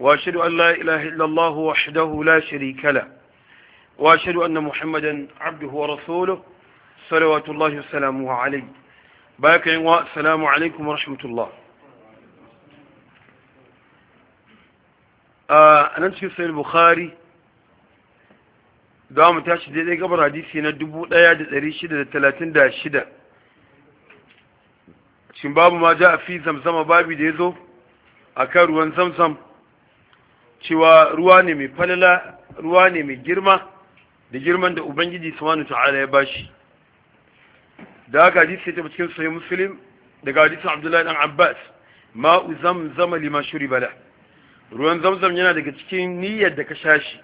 وأشهد أن لا إله إلا الله وحده لا شريك له وأشهد أن محمدا عبده ورسوله صلوات الله وسلامه عليه باك السلام عليكم ورحمة الله أنا نشكر سيد البخاري da mu tashi daidai gabar hadisi na 1636 shin babu ma ja a fi zamzama babi da ya zo a kan ruwan zamzam cewa ruwa ne mai falala ruwa ne mai girma da girman da ubangiji subhanahu ta'ala ya bashi da haka hadisi ya tabbata cikin sahih muslim daga hadisi abdullahi dan abbas ma'u zamzama lima shuriba la ruwan zamzam yana daga cikin niyyar da ka sha shi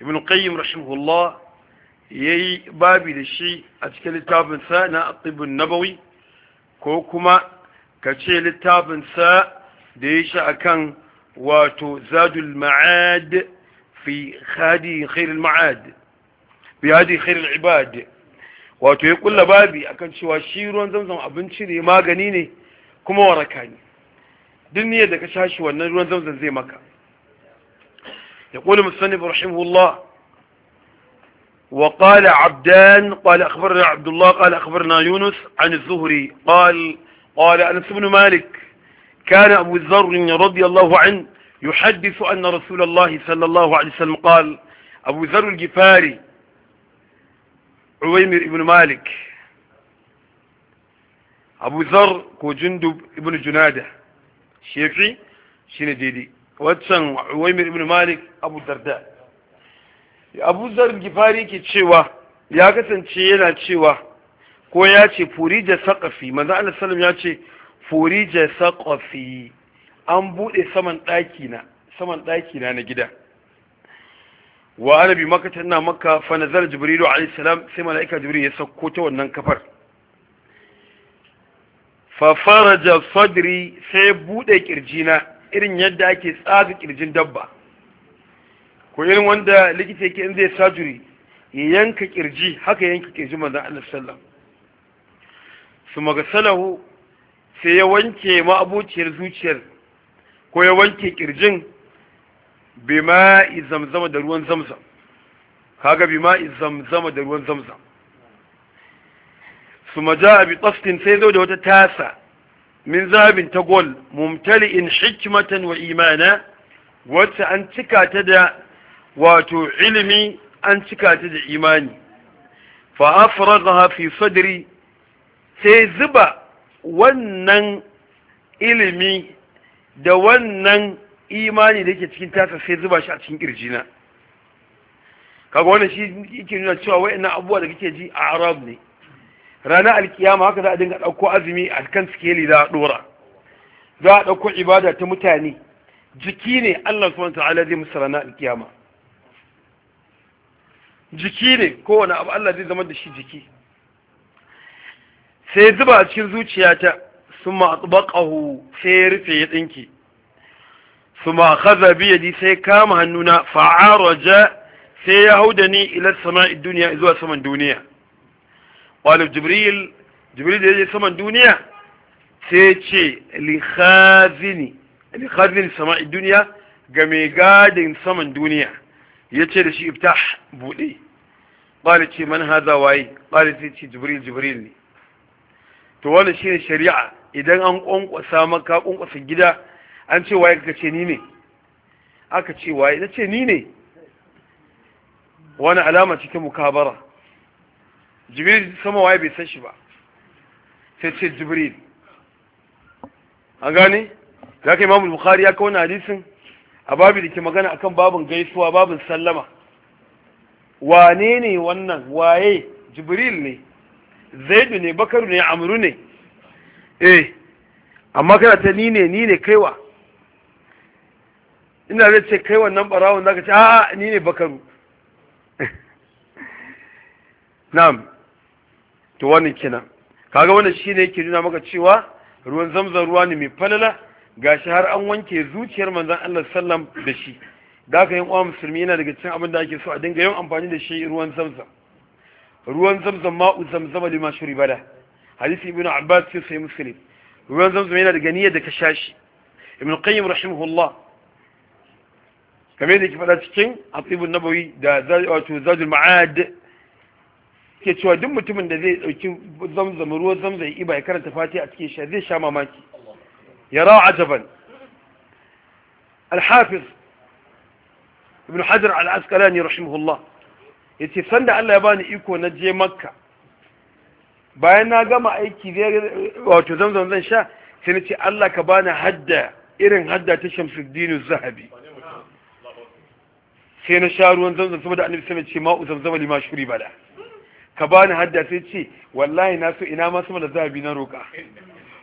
ibn qayyim rahimahullah yayi babi da shi a cikin littafin sa na at nabawi ko kuma ka ce littafin sa da ya sha akan وتزاد المعاد في هذه خير المعاد في هذه خير العباد وتقول لبابي أكن شوى الشير وانزمزم أبنشري ما جنيني كما وركاني دنيا دك شاش وانزمزم وانزمزم زي مكا يقول مصنف رحمه الله وقال عبدان قال أخبرنا عبد الله قال أخبرنا يونس عن الزهري قال قال أنس بن مالك كان أبو ذر رضي الله عنه يحدث أن رسول الله صلى الله عليه وسلم قال أبو ذر الجفاري عويمر بن مالك أبو ذر كو جندب بن جنادة شيفي شين ديدي واتسان عويمر بن مالك أبو الدرداء أبو ذر الجفاري كي تشيوه ya kasance yana cewa ko ya ce furi da saƙafi manzo Allah sallam ya ce furija saƙofi an buɗe saman ɗakina saman ɗakina na gida wa ana makatan maka tana maka fa nazar jibrilu alayhi salam sai mala'ika jibril ya sauko ta wannan kafar fa faraja sadri sai buɗe na irin yadda ake tsaga kirjin dabba ko irin wanda likita yake in zai sajuri ya yanka kirji haka yanka kirji manzon Allah sallallahu alaihi wasallam su magasalahu sai ya wanke ma'abuciyar zuciyar ko ya wanke kirjin bima zamzama da ruwan zamzam kaga bima zamzama da ruwan zamzam su maja bi tsaftin sai zo da wata tasa min zabin ta gol mumtali'in hikmatan wa imana wacce an cika ta da wato ilimi an cika ta da imani fa afragha fi sadri sai zuba wannan ilimi da wannan imani da yake cikin tasa sai zuba shi a cikin kirjina kaga wannan shi yake nuna cewa ina abubuwa da kake ji a arab ne ranar alkiyama haka za a dinga ɗauko azumi a kan sikeli za a ɗora za a ɗauko ibada ta mutane jiki ne allah subhanahu ta'ala zai musu ranar alkiyama jiki ne kowane abu allah zai zama da shi jiki sai zuba a cikin zuciyata su matsubakahu sai ya rufe ya tsinki su ma kaza biyadi sai kama hannuna fa'araja sai ya hau da ni ilar sama'i duniya zuwa saman duniya wani jibril jibril da ya je saman duniya sai ce likhazini likhazini sama'i duniya ga mai gadin saman duniya ya ce da shi iftah buɗe ɓari ce man haza waye ɓari sai ce jibril jibril ne to wannan shine shari'a idan an kwankwasa maka kwankwasa gida an ce waye ka ce ni ne aka ce waye na ce ni ne wani alama cikin mukabara jibril sama waye bai san shi ba sai ce jibril an gane za ka imamu bukhari ya kawo hadisin a babu da ke magana akan babin gaisuwa babin sallama wane ne wannan waye jibril ne zaidu ne bakaru ne amru ne eh amma kana ta ni ne ni ne kaiwa ina zai ce kai wannan barawon zaka ce a'a ni ne bakaru na'am to wannan kenan kaga wannan shine yake nuna maka cewa ruwan zamzam ruwa ne mai falala gashi har an wanke zuciyar manzon Allah sallam da shi da ka yin uwa musulmi yana daga cikin abin da ake so a dinga yawan amfani da shi ruwan zamzam ruwan zamzam ma'u zamzama lima shuri bada hadisi ibn abbas sai sai muslim ruwan zamzam yana da ganiyar da ka shashi ibn qayyim rahimahullah kamar yadda ke faɗa cikin atibun nabawi da wato zadul ma'ad ke cewa duk mutumin da zai dauki zamzam ruwan zamzam ya iba ya karanta fati a cikin shi zai sha mamaki ya ra'a ajaban al-hafiz ibn hajar al رحمه rahimahullah yace sanda Allah ya bani iko na je makka bayan na gama aiki wato zamzam zan sha sai na ce Allah ka bani hadda irin hadda ta shamsuddinu zahabi sai na sha ruwan zamzam saboda annabi sai ce ma'u zamzam lima shuri bada ka bani hadda sai ce wallahi na so ina ma sama da zahabi na roka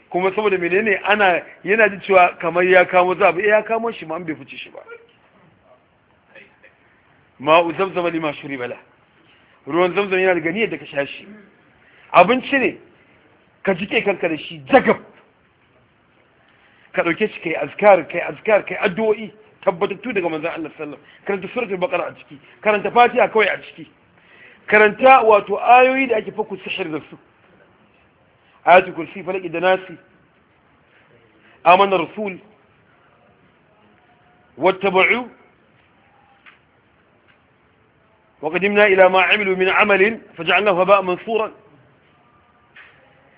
kuma saboda menene ana yana ji cewa kamar ya kamo zahabi eh, ya kamo shi ma an bai fice shi ba ma'u zamzama lima shuri bala ruwan zamzam yana da niyyar da ka sha shi abinci ne ka jike kanka da shi jagab ka ɗauke shi kai azkar kai azkar kai addu'o'i tabbatattu daga manzon Allah sallallahu karanta suratul baqara a ciki karanta fatiha kawai a ciki karanta wato ayoyi da ake faku sihir da su ayatul kursi falaki da nasi amana rasul wattaba'u وقدمنا إلى ما عملوا من عمل فجعلناه هباء منثورا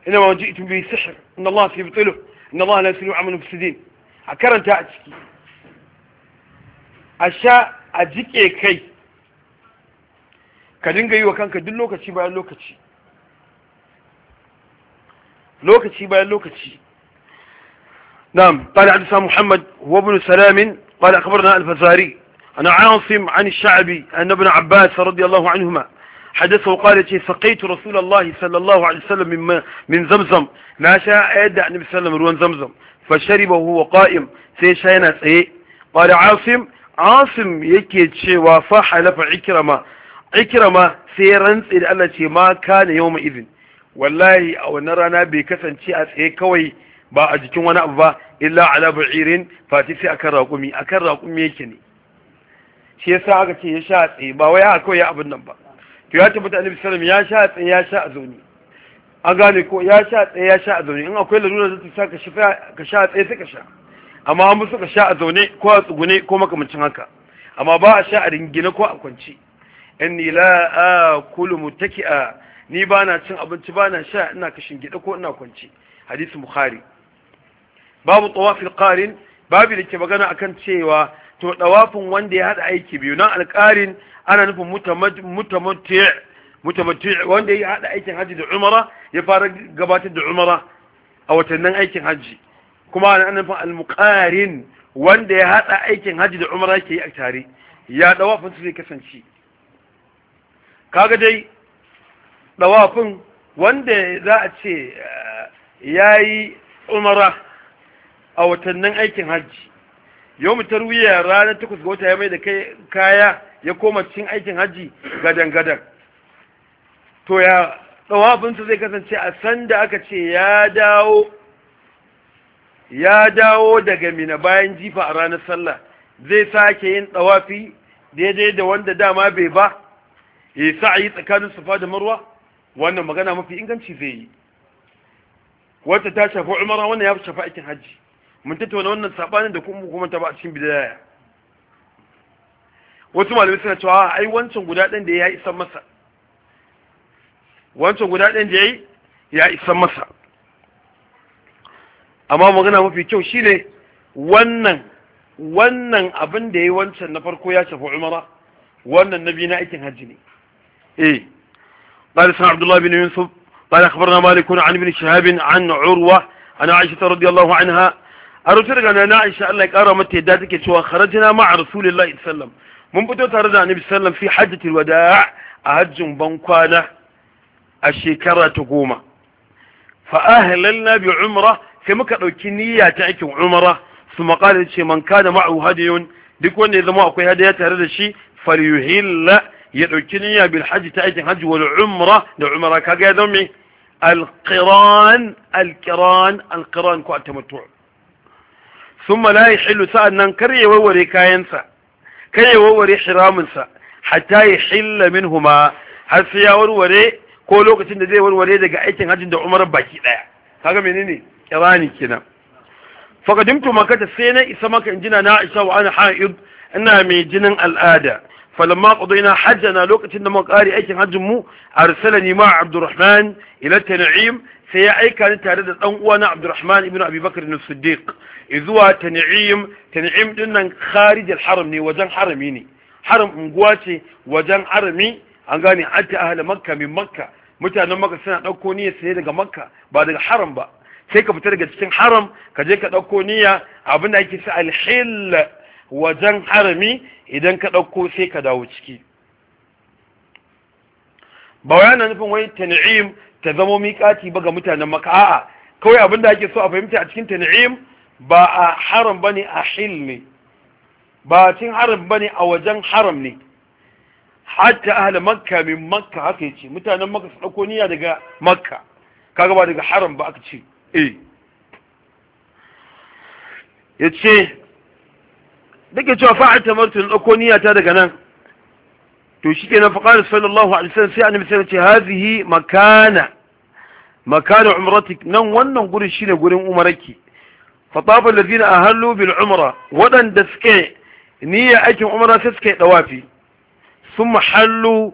إنما جئتم به سحر إن الله سيبطله إن الله لا يسلو عمل مفسدين أكرنت أتكي أشاء أجيكي إيه كي ka dinga yi wa kanka duk lokaci bayan lokaci lokaci لوكا lokaci نعم قال حدثنا محمد هو ابن سلام قال أخبرنا الفزاري أنا عاصم عن الشعبي أن ابن عباس رضي الله عنهما حدثه وقال سقيت رسول الله صلى الله عليه وسلم من زمزم ما شاء يدع النبي صلى الله عليه وسلم زمزم فشرب وهو قائم سيشينات ايه قال عاصم عاصم يكيد شيء وصاح لفع عكرمة عكرمة سيرنس إلى الله ما كان يوم إذن والله أو نرانا بكثن شيئات ايه كوي با أجتون ابا إلا على بعير فاتسي أكرر أكرر أكرر أكرر أكرر shi yasa aka ce ya sha tsaye ba wai haka ya abin nan ba to ya tabbata annabi sallallahu ya sha tsaye ya sha a an gane ko ya sha tsaye ya sha a in akwai lalura zai ta ka shi ka sha tsaye sai ka sha amma an musu ka sha a zaune ko a tsugune ko makamancin haka amma ba a sha a ringine ko a kwance inni la akulu mutaki'a ni ba na cin abinci ba na sha ina kashin gida ko ina kwance hadisi bukhari babu tawafil qarin babu da ke magana akan cewa to dawafin wanda ya hada aiki biyu nan alƙarin ana nufin mutamatti mutamatti wanda ya hada aikin haji da umara ya fara gabatar da umara a watannin aikin haji kuma ana nufin almuƙarin wanda ya hada aikin haji da umara ke yi a tare ya dawafin su zai kasance kaga dai dawafin wanda za a ce eh, ya yi umara a watannin aikin hajji yau mu tarwiya ranar takwas ga wata ya mai da kaya ya koma cikin aikin hajji gadan gadan to ya tsawafinsa zai kasance a sanda aka ce ya dawo ya dawo daga mina bayan jifa a ranar sallah zai sake yin tsawafi daidai da wanda dama bai ba ya sa a yi tsakanin sufa da marwa wannan magana mafi inganci zai yi wata ta shafi umara wannan ya shafi aikin hajji mun tattauna wannan sabanin da kuma kuma ta ba a cikin bidaya wasu malami suna cewa ai wancan guda ɗin da ya yi isan masa wancan guda ɗin da ya yi ya isan masa amma magana mafi kyau shine wannan wannan abin da ya yi wancan na farko ya shafi umara wannan nabi na aikin hajji ne eh قال سمع عبد الله بن يوسف قال أخبرنا مالك عن ابن شهاب عن عروة عن عائشة رضي الله عنها a rutu daga na aisha Allah ya kara mata yadda take cewa kharajna a rasulillahi sallam mun fito tare da annabi sallam fi hajjatul wada' a hajjin bankwana a shekara ta goma fa ahlalna bi umra sai muka dauki niyya ta aikin umra su maqala ce man kana ma'u hadiyun duk wanda ya zama akwai hadaya tare da shi falyuhilla ya dauki niyya bil hajji ta aikin hajji wal umra da umra kaga ya zama alqiran alqiran alqiran ko atamattu' sun la yahillu sa'annan kar ya warware kayansa kar ya warware hiraminsa hatta min minhuma har sai ya warware ko lokacin da zai warware daga aikin hajjin da umar baki ɗaya kaga menene kirani kina fakadimtu makata sai na isa maka injina na aisha wa ana ha'id ina mai jinin al'ada falamma qadaina hajjana lokacin da muka kare aikin hajjin mu arsalani ma abdurrahman ila tan'im sai ya aika ni tare da dan uwana Abdurrahman ibn Abi Bakr ibn Siddiq zuwa Tan'im Tan'im din nan kharij al-haram ne wajen harami ne haram unguwa ce wajen harami an gane hatta ahli makka min makka mutanen makka suna dauko niyya sai daga makka ba daga haram ba sai ka fita daga cikin haram ka je ka dauko niyya abin da ake sa al-hil wajen harami idan ka dauko sai ka dawo ciki ba nufin wai tan'im ta zamo miƙati ba ga mutanen maka a'a kawai abin da ake so a fahimta a cikin tan'im ba a haram bane a hil ne ba cin haram bane a wajen haram ne hatta ahal makka min makka haka yace mutanen makka su dauko niyya daga makka kaga ba daga haram ba aka ce eh yace dake cewa fa'ata martin dauko niyya ta daga nan to shi kenan faƙarar sallallahu alaihi wasallam sai annabi sai ce hazihi makana makana umratik nan wannan gurin shine gurin umaraki fatafa allazina ahallu bil umra wadanda suke niyya aikin umra sai suke dawafi sun mahallu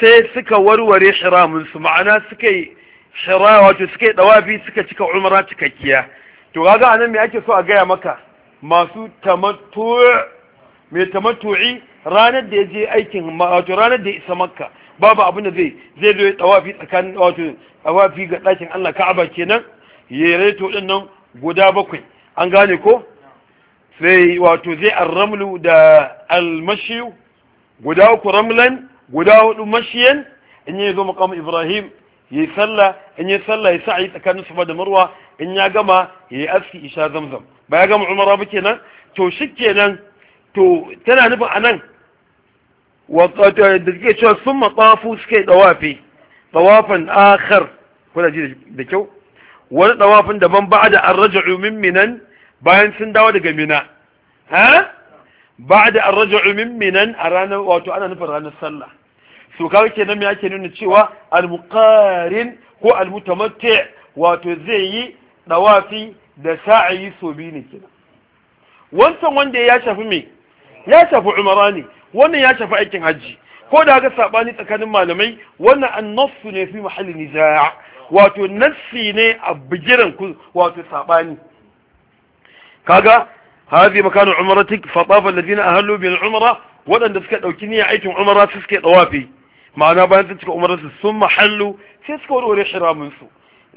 sai suka warware hiramin su ma'ana suke shira wato suke dawafi suka cika umra cikakkiya to kaga anan me ake so a gaya maka masu tamattu mai tamattu'i ranar da ya je aikin wato ranar da ya isa makka babu abin da zai zai zo ya tawafi tsakanin wato tawafi ga ɗakin Allah Ka'aba kenan ya reto din nan guda bakwai an gane ko sai wato zai arramlu da almashi guda uku ramlan guda hudu mashiyan in ya zo maqam Ibrahim yi sallah in yi sallah ya sa'i tsakanin Safa da Marwa in ya gama yayi aski isha Zamzam ba ya gama Umara ba kenan to shikenan to tana nufin anan da suke cewa sun matsafu suke dawafi dawafin akhar kuna ji da kyau wani dawafin daban ba da an raja'u min minan bayan sun dawo daga mina ha ba da an raja'u min minan a ranar wato ana nufin ranar sallah so kawai kenan me ake nuna cewa almuqarin ko almutamatti wato zai yi dawafi da sa'ayi so biyu ne kenan wancan wanda ya shafi me ya shafi umara wannan ya shafi aikin hajji ko da haka sabani tsakanin malamai wannan annasu ne fi mahallin nizaa wato nassi ne a bigiran ku wato sabani kaga hazi makanu umratik fa tafa alladhina ahallu bil umra wadanda suka dauki niyyar aikin umra su suke dawafi ma'ana bayan sun cika umrar su sun mahallu sai suka wuri shiramin su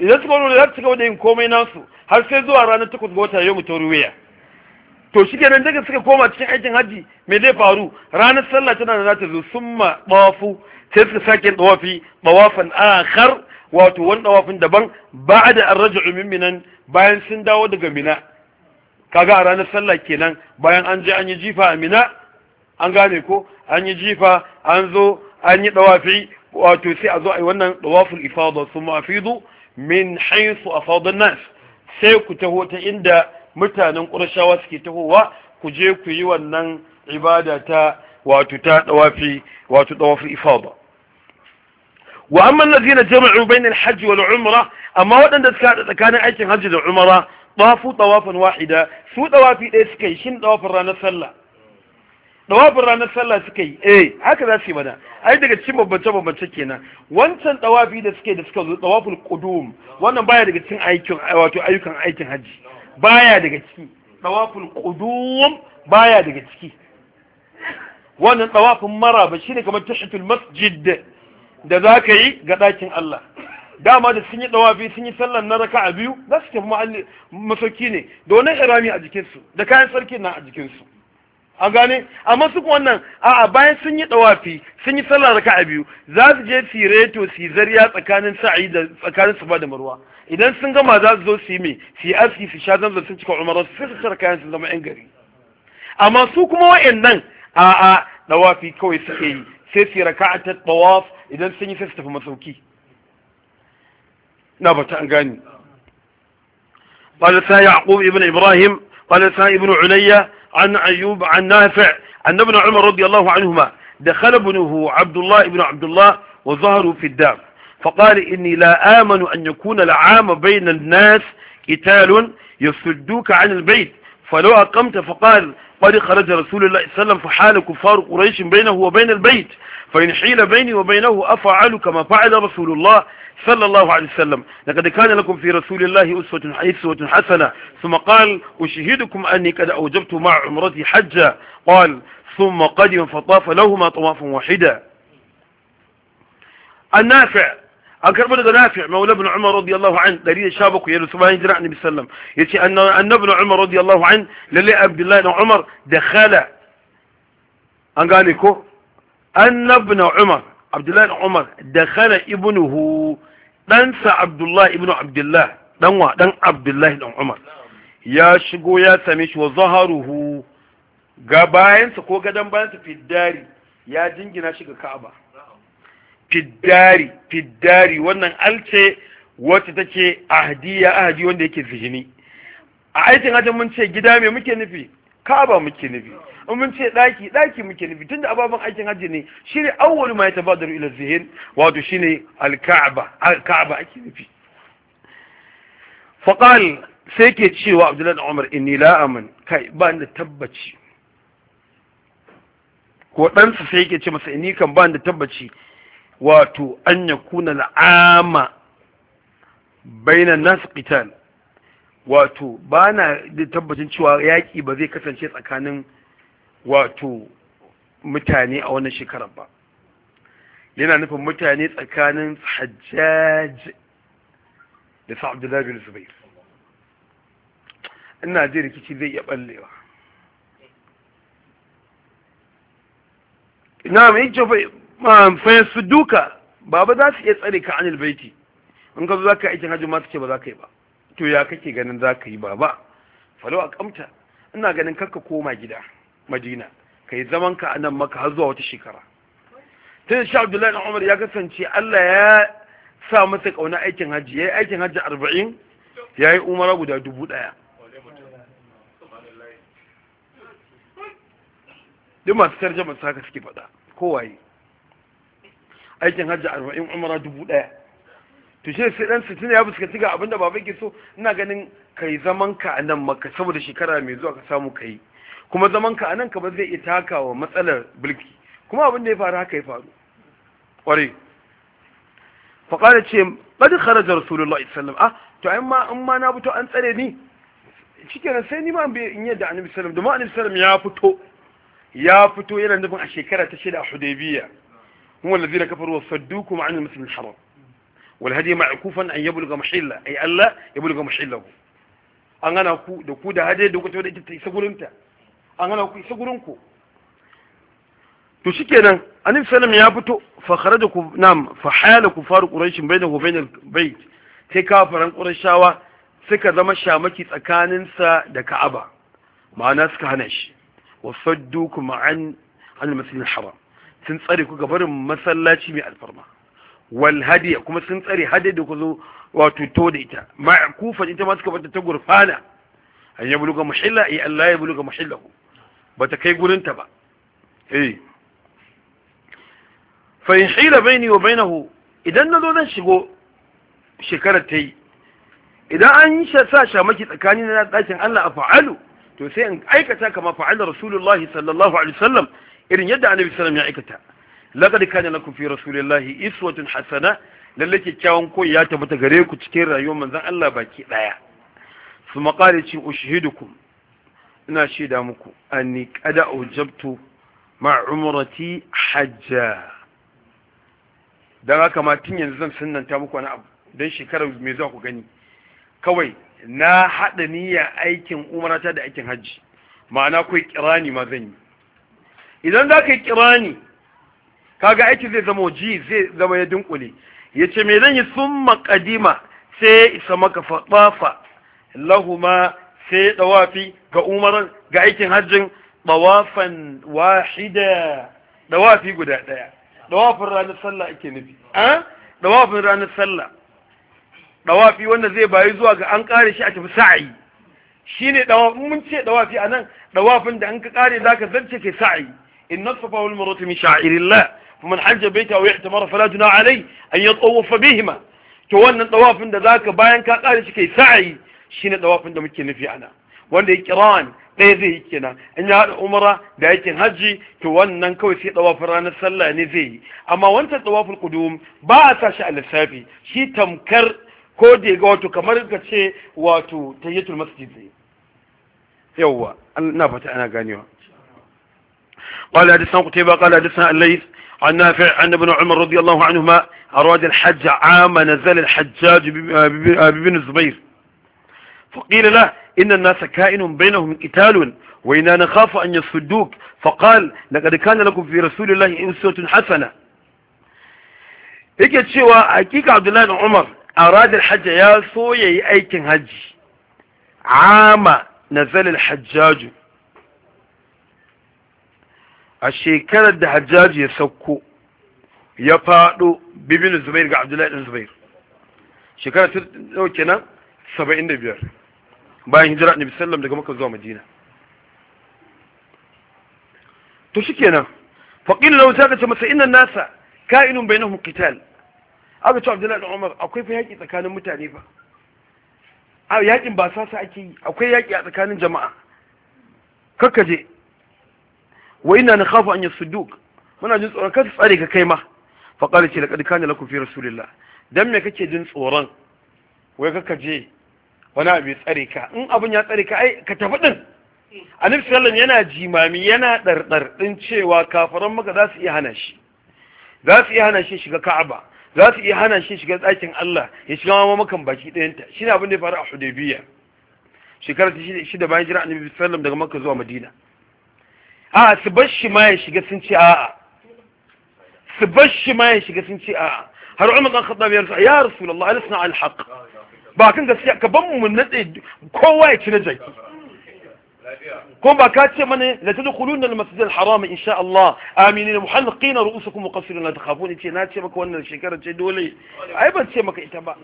idan suka wuri za su cika da yin komai nasu har sai zuwa ranar takwas ga wata yau mu to shi kenan daga suka koma cikin aikin hajji me zai faru ranar sallah tana da zata zo summa sai suka sake dawafi dawafan akhar wato wani dawafin daban ba'da an raju min minan bayan sun dawo daga mina kaga a ranar sallah kenan bayan an je an yi jifa a mina an gane ko an yi jifa an zo an yi wato sai a zo a yi wannan dawaful ifada summa afidu min haythu afada an-nas sai ku taho ta inda mutanen ƙurshawa suke tahowa ku je ku yi wannan ibada ta wato ta dawafi wato dawafi ifada wa amma allazina jama'u bayna al-hajj wal umra amma wadanda suka hada tsakanin aikin hajji da umra tawafu tawafan wahida su dawafi ɗaya suka yi shin dawafin ranar sallah dawafin ranar sallah suka yi eh haka za su yi mana ai daga cikin babbance babbance kenan wancan dawafi da suke da suka zo dawaful qudum wannan baya daga cikin aikin wato ayyukan aikin hajji baya daga ciki tsawafin qudum baya daga ciki wannan ba maraba ne kamar tashatul masjid da za ka yi ga ɗakin Allah dama da sun yi tawafi sun yi sallar na a biyu za su tafi masauki ne da wani irami a jikinsu da kayan sarki na a jikinsu an gane amma su wannan a'a bayan sun yi dawafi sun yi sallar raka'a biyu za su je su yi reto su yi zariya tsakanin sa'i da tsakanin su ba da marwa idan sun gama za su zo su yi me su yi aski su sha zanzan sun cika umarar su su kayan su zama yan gari amma su kuma wa'annan a'a dawafi kawai suke yi sai su yi raka'a ta tawaf idan sun yi sai su tafi masauki na ba ta an gane قال سنا يعقوب ابن ابراهيم قال سنا ابن عليا عن أيوب عن نافع أن ابن عمر رضي الله عنهما دخل ابنه عبد الله ابن عبد الله وظهروا في الدار فقال إني لا آمن أن يكون العام بين الناس قتال يصدوك عن البيت فلو أقمت فقال قد خرج رسول الله صلى الله عليه وسلم فحال كفار قريش بينه وبين البيت فإن حيل بيني وبينه أفعل كما فعل رسول الله صلى الله عليه وسلم لقد كان لكم في رسول الله أسوة حسنة ثم قال أشهدكم أني قد أوجبت مع عمرتي حجة قال ثم قدم فطاف لهما طواف واحدة النافع أكبر بلد نافع مولى ابن عمر رضي الله عنه دليل شابك يلو سبحانه جرع النبي صلى الله عليه وسلم أن ابن عمر رضي الله عنه للي عبد الله بن عمر دخل أن قال لكم أن ابن عمر عبد الله بن عمر دخل ابنه ɗansa abdullahi ibn abdullah ɗan wa ɗan abdullahi ɗan umar ya shigo ya same shi wa zaharuhu ga bayansa ko gadon bayansa fiddari ya jingina shi ga ka'aba fiddari fiddari wannan alce wacce take ya ahadi wanda yake zihini a aikin ajin mun ce gida me muke nufi ka'aba muke nufi in mun ce daki daki muke nufi tunda ababen aikin hajji ne shine awwal ma yatabadaru ila zihin wato shine al-ka'ba al-ka'ba ake nufi faqal sai ke cewa abdullahi umar inni la aman kai ba ni tabbaci ko ɗansa sai ke ce masa inni kan ba ni tabbaci wato an ya kuna ama bainan nas qital wato ba na da tabbacin cewa yaƙi ba zai kasance tsakanin wato mutane a wannan shekarar ba yana nufin mutane tsakanin hajjaj da sa abdullahi bin zubair ina ji rikici zai iya ballewa ina mai ce su duka baba za su iya tsare ka anil baiti in ka zo za ka aikin hajji masu ce ba za ka yi ba to ya kake ganin za ka yi baba falo a kamta ina ganin karka koma gida madina ka yi zaman ka a nan maka har zuwa wata shekara tun sha abdullahi na umar ya kasance allah ya sa masa kauna aikin hajji ya yi aikin hajji arba'in ya yi umara guda dubu ɗaya duk masu tarjama masu haka suke faɗa kowaye aikin hajji arba'in umara dubu daya to shi sai ɗan sittin ya fuskanci ga abinda baba ke so ina ganin ka yi zaman ka a nan maka saboda shekara mai zuwa ka samu ka yi kuma zaman ka anan ka ba zai iya takawa matsalar bilki kuma abin da ya faru haka ya faru ƙwarai faƙara ce ɓadi kharajar rasulullah sallam ah to ai ma in ma na fito an tsare ni shikenan sai ni ma in yadda annabi sallam domin annabi sallam ya fito ya fito yana nufin a shekara ta shida a hudaybiya هم الذين كفروا وصدوكم عن المسجد الحرام والهدي معكوفا أن يبلغ محلة an gana يبلغ محله ku da أكو دكو ku ta دكو ta isa gurinta. an hana ku isa gurin ku to shikenan anin sallam ya fito fa kharaja ku nam fa hala kufar quraish wa bayna bait sai kafaran qurayshawa suka zama shamaki tsakaninsa da ka'aba ma'ana suka hana shi wasaddu kuma an al-masjid al haram sun tsare ku gabarin masallaci mai alfarma wal hadiya kuma sun tsare hadiya da ku zo wato to da ita ma'kufa ita ma suka bata ta gurfana an ya buluga muhilla ay Allah ya buluga muhillahu ba ta kai gurinta ba eh fa in hila baini wa bainahu idan nazo zan shigo shekarar ta yi idan an sa shamaki tsakanin na dakin Allah a fa'alu to sai in aikata kama fa'ala rasulullahi sallallahu alaihi wasallam irin yadda annabi sallallahu ya aikata laqad kana lakum fi rasulillahi iswatun hasana lalle kyakkyawan koyi ya tabbata gare ku cikin rayuwar manzon Allah baki daya su maqala ce ushhidukum ina shaida muku anni kada ujabtu ma umrati hajja dan haka ma tun yanzu zan sunnanta muku wani abu dan shekarar me za ku gani kawai na hada niyya aikin umrata da aikin hajji ma'ana kai kirani ma zan yi idan za ka kirani kaga aiki zai zama ji zai zama ya dunkule yace me zan yi summa qadima sai isa maka fatafa lahuma sai dawafi ga umaran ga aikin hajjin dawafan wahida dawafi guda daya dawafin ranar sallah ake nufi a dawafin ranar sallah dawafi wanda zai bayi zuwa ga an kare shi a tafi sa'i shine dawafin mun ce dawafi anan dawafin da an ka kare zaka zance kai sa'i inna safa wal marwa min sha'irillah faman hajja baita wa ihtamara fala junaha alai an yatawafa bihima to wannan dawafin da zaka bayan ka kare shi kai sa'i shine dawafin da muke nufi ana wanda ya kiran ɗaya zai yi kenan in ya haɗa umara da aikin hajji to wannan kawai sai dawafin ranar sallah ne zai yi amma wancan dawafin kudum ba a sa shi a lissafi shi tamkar ko da ga wato kamar ka ce wato tayyatul masjid zai yawwa na fata ana ganewa قال حدثنا قتيبة قال حدثنا الليث عن نافع عن ابن عمر رضي الله عنهما أراد الحج عام نزل الحجاج ببن الزبير فقيل له إن الناس كائن بينهم قتال وإنا نخاف أن يصدوك فقال لقد كان لكم في رسول الله أسوة حسنة yake cewa hakika Abdullahi da Umar a radar hajji ya so ya yi aikin hajji ama nazalin hajjaju a shekarar da hajjaju ya sauko ya faɗo bibin zubair ga Abdullahi ɗan zubair shekarar bayan hijira annabi sallam daga makka zuwa madina to shikenan fa qila law ka ce masa inna nasa ka'inun bainahum qital aka ce abdullahi da umar akwai fa yaki tsakanin mutane fa a yakin ba sasa ake yi akwai yaki a tsakanin jama'a kakkaje wa inna nakhafu an yasudduk muna jin tsoron kasu tsare ka kai ma qala ce laqad kana lakum fi rasulillah dan me kake jin tsoron wai kakkaje wani abu ya tsare ka in abin ya tsare ka ai ka tafi din annabi sallallahu yana jimami yana dardar din cewa kafaran maka za su iya hana shi za su iya hana shi shiga ka'aba za su iya hana shi shiga tsakin Allah ya shiga ma makan baki ɗayanta shi ne abin da ya faru a Hudaybiya shekara ta shida bayan jira annabi sallam daga Makka zuwa Madina a su bar shi ma ya shiga sun ce a'a su bar shi ma ya shiga sun ce a'a har Umar bin Khattab ya rasu ya Rasulullah alisna al-haq ba kan gaskiya ka ban mu natse kowa ya ci na jaki kuma ba ka ce mana la tadkhuluna al-masjid al-haram insha Allah aminin muhalliqina ru'usakum la takhafun ce na ce maka wannan shekarar ce dole ai ban ce maka ita ba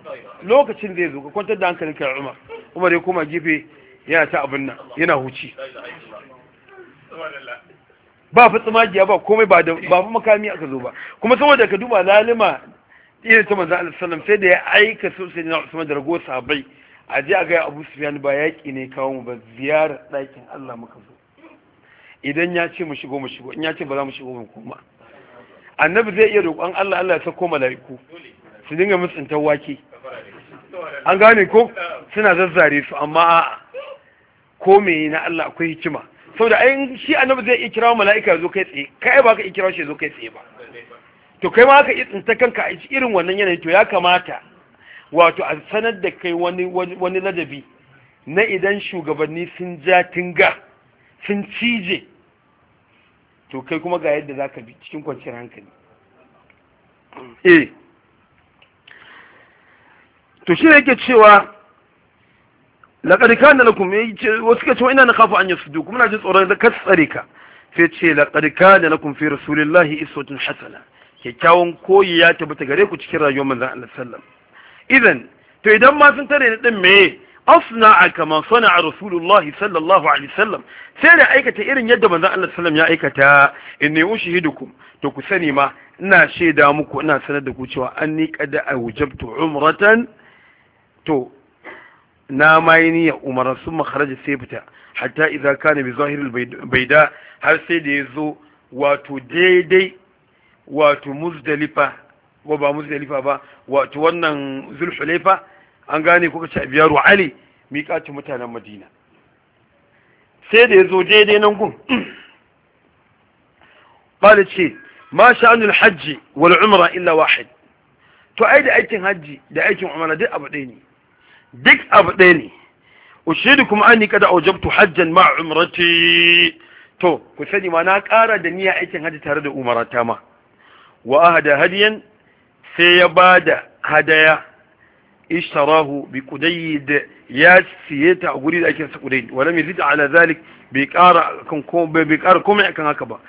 lokacin zai zo ka kwantar da hankalinka Umar Umar ya koma gefe yana ta abin nan yana huci ba fi tsumagiya ba komai ba ba makami aka zo ba kuma saboda ka duba lalima irin ta manzo Allah sai da ya aika su sai na Usman da rago sahabbai a je a ga Abu Sufyan ba yaki ne kawo mu ba ziyarar ɗakin Allah muka zo idan ya ce mu shigo mu shigo in ya ce ba za mu shigo mu koma annabi zai iya roƙon Allah Allah ya sako mala'iku su dinga mutsuntar wake an gane ko suna zazzare su amma ko me na Allah akwai hikima saboda ai shi annabi zai iya kirawo mala'ika ya zo kai tsaye kai ba ka iya kirawo shi ya zo kai tsaye ba to kai ma haka tsinta kanka a irin wannan yanayi to ya kamata wato a sanar da kai wani wani ladabi na idan shugabanni sun ja tinga sun cije to kai kuma ga yadda zaka bi cikin kwanciyar hankali eh to shi yake cewa laqad kana lakum wasu ke cewa ina na kafa an yasudu kuma na ji tsoron da ka tsare ka sai ce laqad kana lakum fi rasulillahi iswatun hasana kyakkyawan koyi ya tabbata gare ku cikin rayuwar manzon Allah sallam idan to idan ma sun tare ni din me asna kama a rasulullah sallallahu alaihi wasallam sai da aikata irin yadda manzon Allah sallam ya aikata inni ushihidukum to ku sani ma ina shaida muku ina sanar da ku cewa anni qad awjabtu umratan to na mai niyya umara sun makaraja sai fita hatta idza kana bi zahiril baida har sai da yazo wato daidai wato muzdalifa ko ba muzdalifa ba wato wannan zulhulaifa an gane kuka ce biyaru ali miƙacin mutanen madina sai da ya zo daidai nan gun ƙwale ce ma sha'anul hajji wal umra illa wahid to ai da aikin hajji da aikin umra duk abu ɗaya ne duk abu ɗaya ne ushidukum anni kada awjabtu hajjan ma umrati to ku sani ma na kara da niyya aikin hajji tare da umarata ma wa ahada hadiyan sai ya ba da hadaya ishtarahu bi kudayd ya siye ta a guri da ake sa kudayd min yazid ala zalik bi qara kan ko bi qara kuma akan haka ba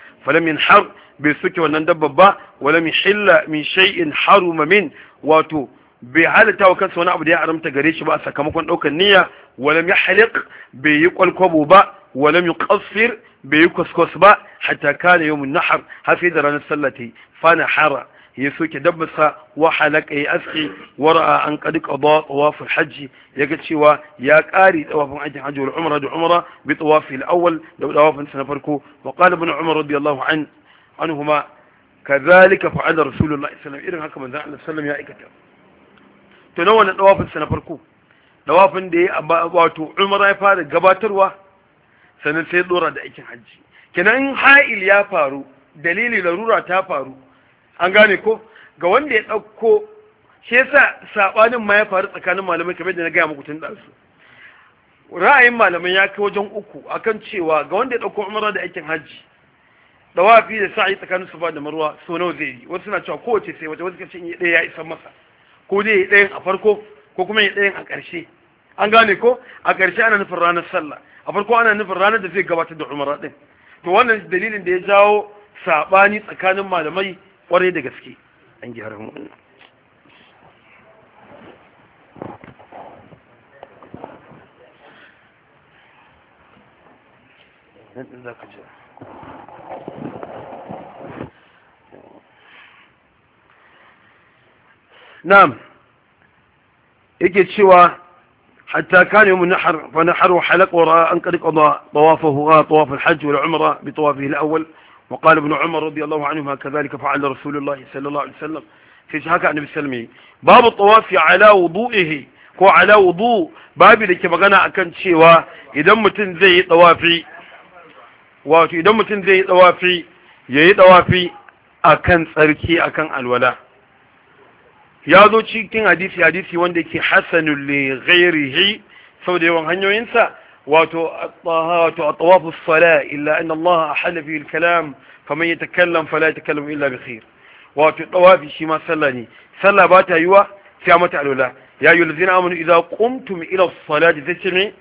min har bi suke wannan dabba ba wala min hilla min shay'in haruma min wato bai halatta wa kansa wani abu da ya haramta gare shi ba sakamakon daukar niyya walam yahliq bai yi kwalkwabo ba wala min qasir bai yi kwaskwas ba hatta kana yau nahar hafi sai da ranar sallah ta yi fana hara ya soke dabbasa wa halaka ya aski wara an kadi qada tawaful hajji yaga cewa ya kari tawafin aikin hajji wal umra da umra bi tawafi al awwal da tawafin sa na farko wa qala ibn umar radiyallahu an anhuma kadhalika fa'ala rasulullahi sallallahu alaihi islam irin haka manzo Allah sallallahu ya aikata to na wannan tawafin sa na farko tawafin da ya wato umra ya fara gabatarwa sannan sai dora da aikin hajji kenan ha'il ya faru dalili larura ta faru an gane ko ga wanda ya ɗauko shi yasa saɓanin ma ya faru tsakanin malamai kamar da na gaya muku tun ɗansu ra'ayin malamai ya kai wajen uku akan cewa ga wanda ya ɗauko umara da aikin hajji dawafi da sa'i tsakanin su ba da marwa so nawa zai yi wasu suna cewa kowace sai wata wasu kace in yi ɗaya ya isa masa ko dai ya ɗayan a farko ko kuma ya ɗayan a ƙarshe an gane ko a ƙarshe ana nufin ranar sallah a farko ana nufin ranar da zai gabatar da umara ɗin to wannan dalilin da ya jawo saɓani tsakanin malamai kwarai da gaske an gyara mu na'am yake cewa حتى كان يوم النحر فنحر حلق ورأى انقلق قضى طوافه آه، طواف الحج والعمرة بطوافه الأول وقال ابن عمر رضي الله عنهما كذلك فعل رسول الله صلى الله عليه وسلم في عن النبي السلمي باب الطواف على وضوئه هو على وضوء باب اللي ke magana akan cewa متن mutum طوافي واذا متن wato طوافي mutum طوافي yi tsawafi اكن yi ya zo cikin hadisi hadisi wanda ke hasanul li ghairihi da yawan hanyoyinsa wato wato atawafu sala illa anna Allah ahalla fi al-kalam faman yatakallam fala yatakallam illa bi khair wato tawafi shi ma sallah ne sallah ba ta yiwa sai mata alula ya ayyuhal ladzina amanu idza qumtum ila as-salati fasmi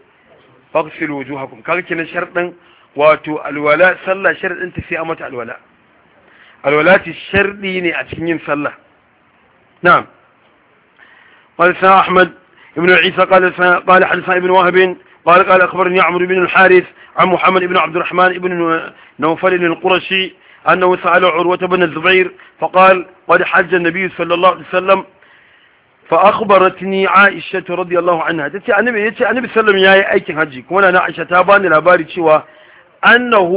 faghsilu wujuhakum kaga kenan sharadin wato alwala sallah sharadin ta sai mata alwala alwala ce sharadi ne a cikin yin sallah نعم قال سنة أحمد ابن عيسى قال قال حدثنا ابن وهب قال قال أخبرني عمرو بن الحارث عن محمد بن عبد الرحمن بن نوفل القرشي أنه سأل عروة بن الزبير فقال قد حج النبي صلى الله عليه وسلم فأخبرتني عائشة رضي الله عنها تتي النبي يتي النبي صلى الله عليه وسلم ياي أيكن عائشة تاباني لاباري cewa أنه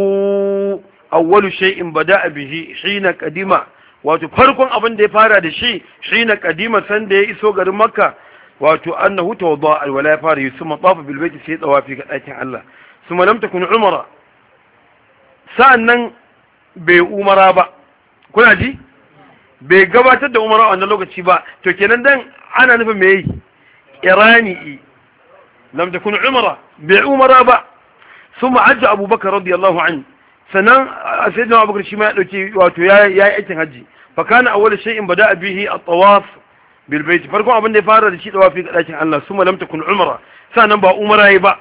أول شيء بدأ به حين قدمه wato farkon abin da ya fara da shi shi na kadima san da ya iso garin makka wato annahu tawadda alwala ya fara yusuf matafa bil baiti sai fi ga dakin Allah suma lam kun umara nan bai umara ba kuna ji bai gabatar da umara a wannan lokaci ba to kenan dan ana nufin me yi irani lam takun umara bai umara ba suma ajja abubakar radiyallahu anhu sannan سيدنا abubakar shi ma ya dauki wato ya yi aikin hajji fa kana awwal shay'in bada'a bihi at-tawaf bil bayt farkon abin da ya fara da shi tawafi ga dakin Allah summa lam takun umra sanan ba umra yayi ba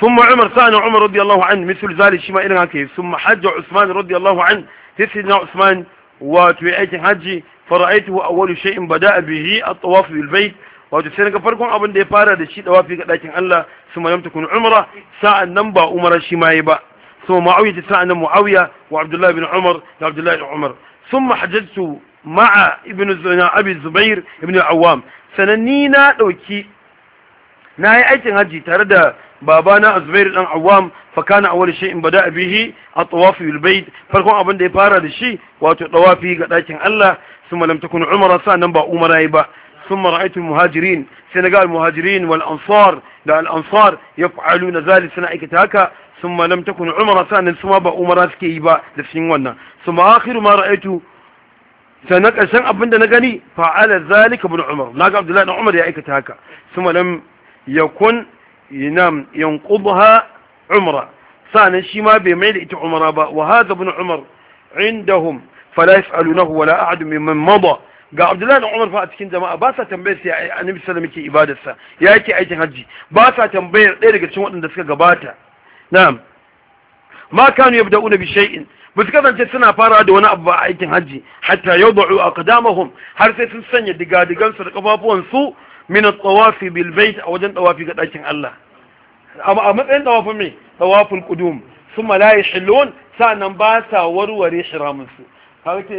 ثم عمر ثاني عمر رضي الله عنه مثل ذلك شما إلى هكي ثم حج عثمان رضي الله عنه تسيدنا عثمان وتوعيت حجي فرأيته أول شيء بدأ به الطواف بالبيت وتسيرك فرقون أبن دي فارد الشيء دوافي لكن الله ثم لم تكن عمره ساعة نمبا عمر شما يبقى ثم معاوية سعنا معاوية Umar da بن عمر لعبد الله بن عمر ثم حججت مع ابن أبي الزبير ابن العوام سننينا دوكي ناي أيتن هجي تردى babana Zubair dan Awwam fa kana awwal shay'in bada'a bihi at-tawaf bil bayt farkon abin da ya fara da shi wato tawafi ga dakin Allah thumma lam takun umara sanan ba umara yi ba thumma ra'aytu al-muhajirin sai naga al wal ansar da al-ansar yaf'aluna zalika sana aikata haka sun ma lam takun umara sanin su ma ba umara suke yi ba da cikin wannan su ma akhiru ma ra'aitu sannan ƙarshen abin da na gani fa'ala zalika bin umar na ga abdullahi umar ya aikata haka su ma lam yakun yanam yanqudha umra sanan shi ma bai mai da ita umara ba wa hadha bin umar indahum fala yas'alunahu wala ahad mimman mada ga abdullahi dan umar fa a cikin jama'a ba sa tambayar sai annabi sallallahu alaihi wasallam yake ibadarsa yake aikin haji ba sa tambayar ɗaya daga cikin waɗanda suka gabata na'am ma kanu yabda'una bi shay'in ba su kasance suna fara da wani abu a aikin hajji hatta yau ba'u a kadamahum har sai sun sanya digadigansu da kafafuwansu min tsawafi bil bait a wajen tsawafi ga dakin Allah amma a matsayin tsawafin me tsawaful qudum summa la yahillun sanan ba sa warware su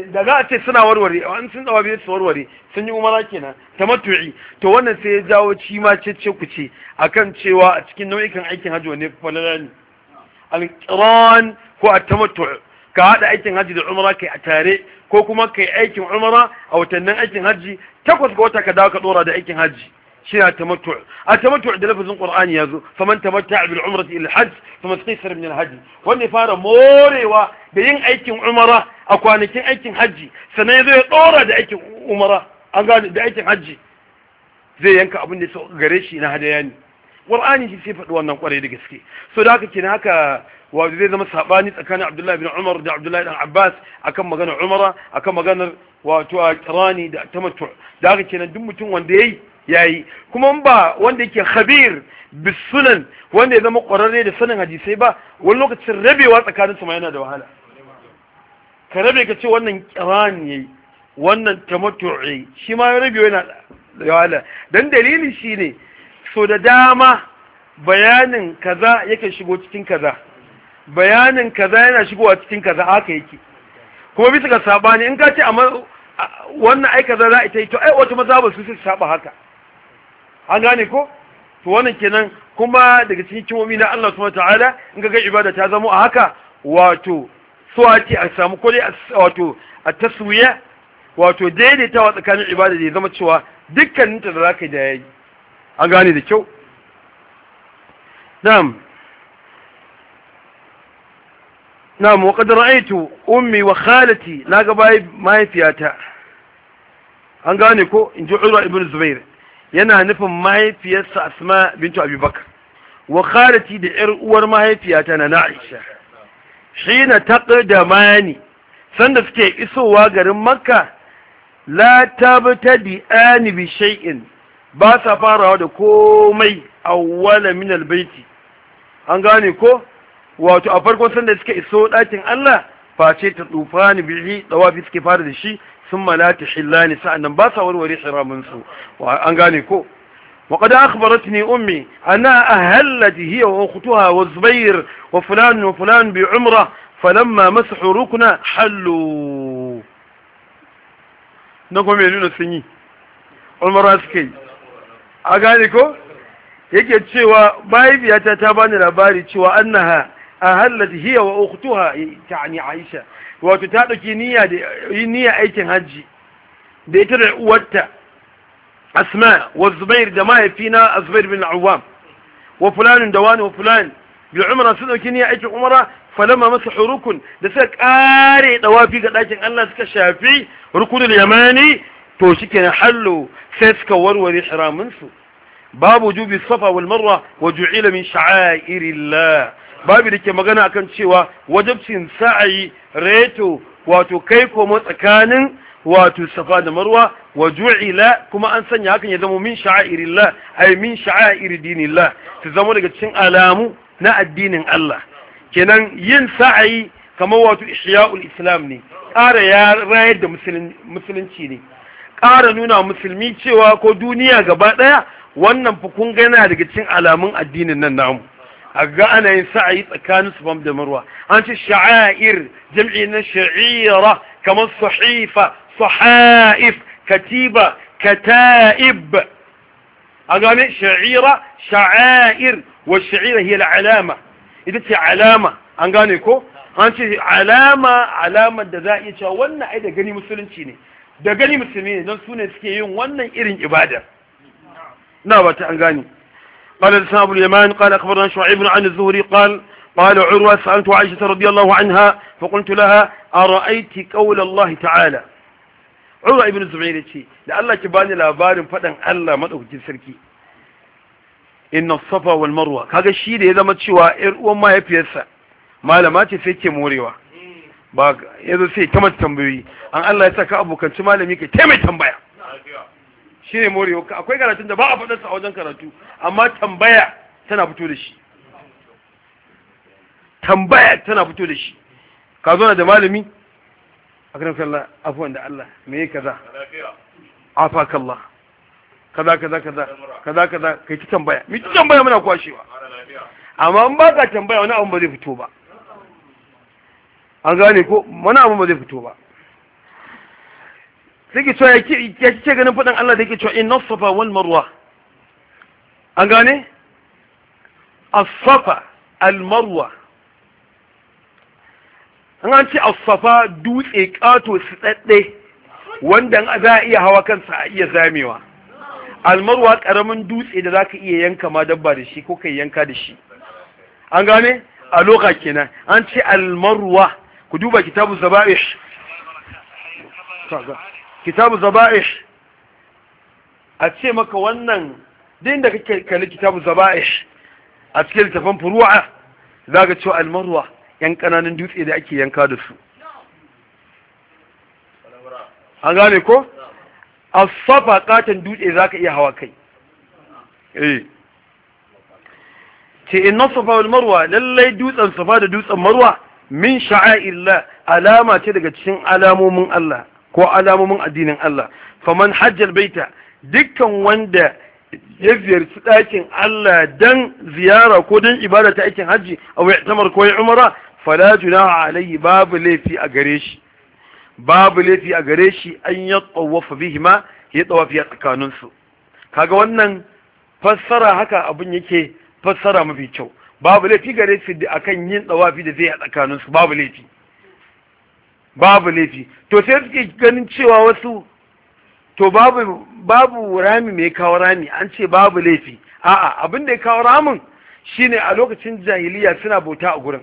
da za a ce suna warware an sun tsawa biyar su warware sun yi umara kenan matu'i to wannan sai ya jawo ci ma cece ku ce akan cewa a cikin nau'ikan aikin hajji wanne falala ne alƙiran ko at-tamattu' ka haɗa aikin hajji da umara kai a tare ko kuma kai aikin umara a watannin aikin hajji takwas ga wata ka dawo ka ɗora da aikin hajji شنو التمتع التمتع ده لفظ القرآن يازو فمن تمتع ta إلى الحج فمن تقيسر من الهدي ya fara morewa da yin aikin umara. a kwanakin aikin hajji sannan ya zo ya ɗora da aikin umara an gane da aikin hajji zai yanka abin da ya gare shi na hadaya ne ƙurani shi sai faɗi wannan kwarai da gaske so da haka kina haka wa zai zama saɓani tsakanin abdullahi bin umar da abdullahi dan abbas akan maganar umara akan maganar wato kirani da tamattu da haka kenan duk mutum wanda yayi yayi kuma ba wanda yake khabir bisunan wanda ya zama kwararre da sanin hadisai ba wani lokacin rabewa tsakanin su ma yana da wahala ka rabe ka ce wannan kiran yayi wannan tamatu'i shi ma rabe yana da yawa dan dalili ne, so da dama bayanin kaza yake shigo cikin kaza bayanin kaza yana shigowa cikin kaza haka yake kuma bisa ga sabani in ka ce amma wannan ai kaza za a ita, to ai wata maza ba su su saba haka an gane ko to wannan kenan kuma daga cikin kimomi na Allah subhanahu wataala in ga ibada ta zama a haka wato so ake a samu kore a taswiya wato daidaitawa tsakanin ibada da ya zama cewa dukkaninta da za ka da ya yi an gane da kyau Na mu wa da ra'aytu ummi wa khalati na gaba mahaifiyata an gane ko in ji Urwa ibn Zubair yana nufin mahaifiyarsa Asma bintu abubakar wa khalati da ƴar uwar mahaifiyata na Aisha shi na da mani, sanda suke isowa garin makka la tabtadi ani bi shay'in ba sa farawa da komai wala min albaiti an gane ko wato a farkon sanda suke iso ɗakin Allah face ta tufani bihi dawafi suke fara da shi sun malata hillani sa'annan ba sa warware hiramin an gane ko وقد أخبرتني أمي أنا أهلتي هي وأختها والزبير وفلان وفلان بعمرة فلما مسحوا ركنا حلوا نقوم يلون السنين عمر أسكي أقالكو yake cewa mahaifiyata ta bani labari cewa annaha ahallati hiya wa ukhtuha ta'ni Aisha wato ta dauki niyya da niyya aikin hajji da ita da uwarta asma wa da mahaifina azubair bin awam wa fulanin da wani wa fulan bi umara su dauki niyya aikin umara falama masa hurukun da suka kare dawafi ga dakin Allah suka shafi rukunul yamani to shikenan hallo sai suka warware haramin su babu jubi safa wal marwa wa ju'ila min sha'airillah babu dake magana akan cewa wajibcin sa'ayi reto wato kai komo tsakanin wato safa da marwa wa ju'ila kuma an sanya hakan ya zama min sha'irillah ay min sha'ir dinillah ta zama daga cikin alamu na addinin Allah kenan yin sa'ayi kamar wato ihya'ul islam ne ƙara ya rayar da musulunci ne ƙara nuna musulmi cewa ko duniya gaba ɗaya wannan fa kun gana daga cikin alamun addinin nan namu a ga ana yin sa'ayi tsakanin su da marwa an ce sha'air jam'i na sha'ira kamar sahifa صحائف كتيبة كتائب أغاني شعيرة شعائر والشعيرة هي العلامة إذا تي علامة أقامي كو أنت علامة علامة دزائية وانا أيضا قني مسلمين da gani musulmi ne don su ne suke yin wannan irin ibada قال الإسلام أبو اليمان قال أخبرنا شعيب عن الزهري قال قال عروة سألت عائشة رضي الله عنها فقلت لها أرأيت قول الله تعالى Urwa ibn Zubair ya ce da Allah ki bani labarin fadan Allah madaukakin sarki inna safa wal marwa kaga shi da ya zama cewa yar uwan mahaifiyarsa malama ce sai ke morewa ba yazo sai ta mata tambayoyi an Allah ya saka abokanci malami ke ta mai tambaya shi ne morewa akwai karatun da ba a faɗarsa a wajen karatu amma tambaya tana fito da shi tambaya tana fito da shi ka zo na da malami akram sallah afuwan da Allah me kaza afakallah kaza kaza kaza kaza kaza kai ki tambaya mi ki tambaya muna kwashewa amma an ba ka tambaya wani abu ba zai fito ba an gane ko wani abu ba zai fito ba sai ki cewa ya ce ganin faɗin Allah da yake cewa inna safa wal marwa an gane as-safa al-marwa an ce asfafa dutse kato su tsadde wanda za a iya hawa kansa a iya zamewa almarwa karamin dutse da za ka iya yanka ma dabba da shi ko ka yanka da shi an gane a loka kenan an ce almarwa ku duba kitabu zaba'ish kitabu zaba'ish a ce maka wannan din da kake kalli kitabu zaba'ish a cikin tafan furu'a za ka ce almarwa yan kananan dutse da ake yanka da su an gane ko a safa katon dutse za ka iya hawa kai eh. ce ina safa wal marwa lallai dutsen safa da dutsen marwa min sha'a illa alama ce daga cikin alamomin Allah ko alamomin addinin Allah faman hajjal baita dukkan wanda ya ziyarci ɗakin Allah dan ziyara ko dan ibada ta aikin hajji a wai tamar ko ya umara fala junaha alayhi babu laifi a gare shi babu laifi a gare shi an ya tsawafa bihima ya tsawafi a tsakaninsu kaga wannan fassara haka abin yake fassara mafi kyau babu laifi gare shi da akan yin tsawafi da zai a tsakaninsu babu laifi babu laifi to sai suke ganin cewa wasu to babu babu rami mai kawo rami an ce babu laifi a'a abin da ya kawo ramin shine a lokacin jahiliya suna bauta a gurin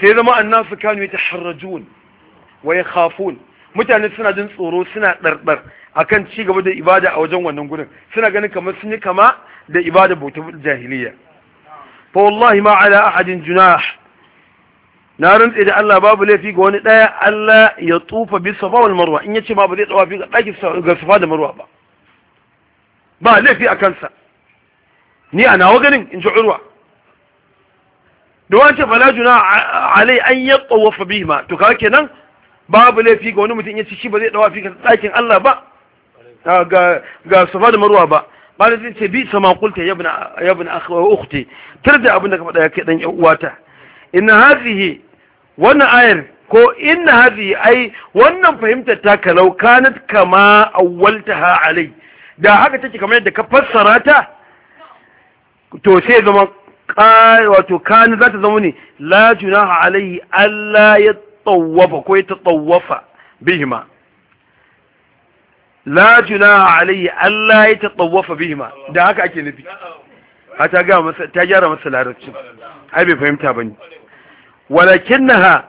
sai zama annasu kanu yataharrajun wa yakhafun mutane suna jin tsoro suna ɗarɗar akan ci gaba da ibada a wajen wannan gudun suna ganin kamar sun yi kama da ibada bauta jahiliya fa wallahi ma ala ahadin junah na rantse da Allah babu laifi ga wani daya Allah ya tufa bi safa wal marwa in yace babu ba zai tsawafi ga daki ga safa da marwa ba ba laifi akan sa ni ana wa ganin in ji urwa to wace fala juna alai an bihi ma to kawai kenan babu laifi ga wani mutum ya ci shi ba zai dawa fi Allah ba ga ga safa da marwa ba malam zai ce bi sama kulta ya ibn ya ibn ukhti tarda abin da ka faɗa ya kai 'yau uwata inna hadhihi wannan ayar ko inna hadhihi ai wannan fahimtar ta kalau kanat kama awwaltaha alai da haka take kamar yadda ka fassara ta to sai zama wato kani za ta zama ne la junaha alaihi Allah ya tsawafa ko ya ta tsawafa bihima la junaha alaihi Allah ya ta bihima da haka ake nufi a ta ga masa ta gyara masa larabci ai bai fahimta bane walakinnaha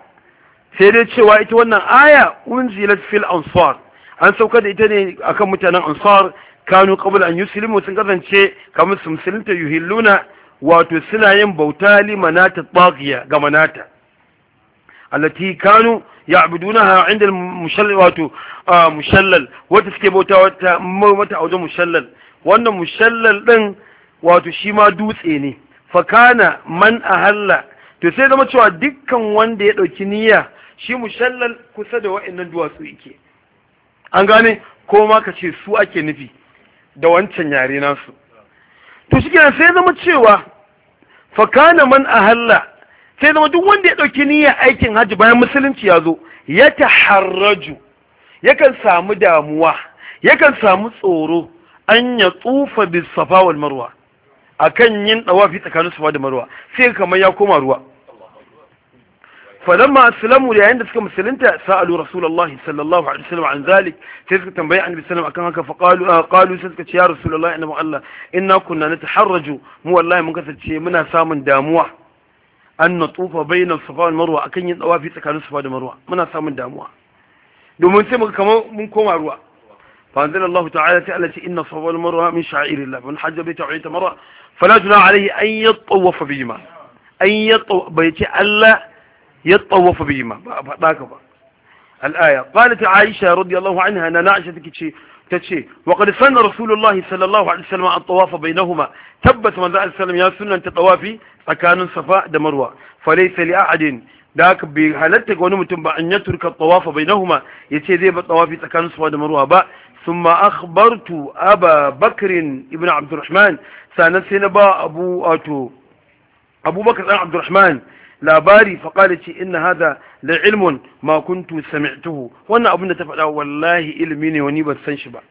sai dai cewa ita wannan aya unzilat fil ansar an sauka da ita ne akan mutanen ansar kanu qabla an yuslimu sun kasance kamar su musulunta yuhilluna wato suna yin bauta li manata ga manata allati kanu ya'budunaha 'inda mushallal wato mushallal wata suke bauta wata mata wajen mushallal wannan mushallal din wato shi ma dutse ne fakana man ahalla to sai zama cewa dukkan wanda ya dauki niyya shi mushallal kusa da wa'annan duwatsu yake an gane ko ma ka ce su ake nufi da wancan yare nasu to shi kenan sai zama cewa fakana man ahalla sai zama duk wanda ya ɗauki niyyar aikin hajji bayan musulunci ya zo ya taharraju yakan samu damuwa yakan samu tsoro an ya tsufa bi wal marwa akan yin dawafi tsakanin safa da marwa sai kamar ya koma ruwa فلما أسلموا لعند سك مسلمين سألوا رسول الله صلى الله عليه وسلم عن ذلك تذكر تنبيع النبي صلى الله عليه وسلم فقالوا آه، قالوا تذكر يا رسول الله إنما الله إن كنا نتحرج مو والله من كثر شيء منها سام داموع أن نطوف بين الصفا والمروة أكن ينطوف في سكان الصفا والمروة منها سام داموع لو من سمك من كم عروة فأنزل الله تعالى تعالى إن الصفا والمروة من شعائر الله من حج بيت عيد مرة فلا جنا عليه أن يطوف بهما أن يطوف بيت الله ya bihi ma ba faɗa ka ba al'aya qalat aisha radiyallahu na anna aisha take tace wa qad sanna rasulullahi sallallahu alaihi wasallam at-tawaf bainahuma tabbata manzo alaihi ya sunanta tawafi tsakanin safa da marwa fa laysa li da ka bi halarta ga wani mutum ba an ya turka tawafa bainahuma yace zai ba tawafi tsakanin safa da marwa ba ثم أخبرت أبا بكر ابن عبد الرحمن سنة سنة أبو أتو أبو بكر ابن labari faƙali ce inna hada la ilmun ma sami'tuhu wannan abin da ta faɗa wallahi ilmi ne wani ban san shi ba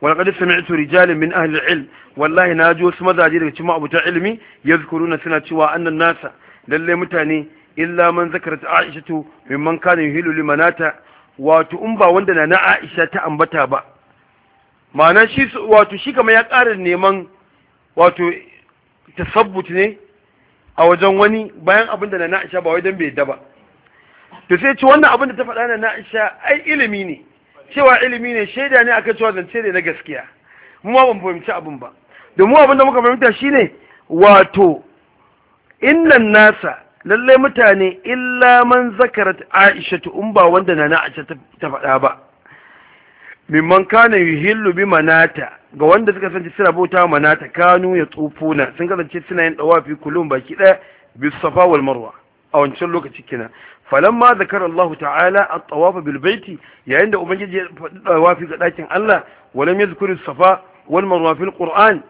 walaqad sami'tu rijalan min ahli ilm wallahi na ji wasu mazaje daga cikin abuta ilimi yazkuruna suna cewa annan nasa lallai mutane illa man zakarat aishatu mimman kana yuhilu limanata wato in ba wanda na na aisha ta ambata ba ma'ana shi wato shi kamar ya ƙara neman wato tasabbuti ne a wajen wani bayan abin da na Aisha ba wai dan bai daba. ba to sai ci wannan abin da ta faɗa na Aisha ai ilimi ne cewa ilimi ne shaida ne akan cewa zance ne na gaskiya mu ma ban fahimci abin ba Da mu abin da muka fahimta shine wato innan nasa lallai mutane illa man zakarat Aisha tu umba wanda na Aisha ta faɗa ba mimman kana yuhillu bi manata ga wanda suka sanci suna bauta manata kanu ya tsufuna sun kasance suna yin dawafi kullum baki ɗaya bi safa wal marwa a wancan lokaci kina falamma zakara Allah ta'ala at tawaf bil baiti yayin da ubangiji ya faɗi dawafi ga ɗakin Allah walam yadhkuru safa wal marwa fil qur'an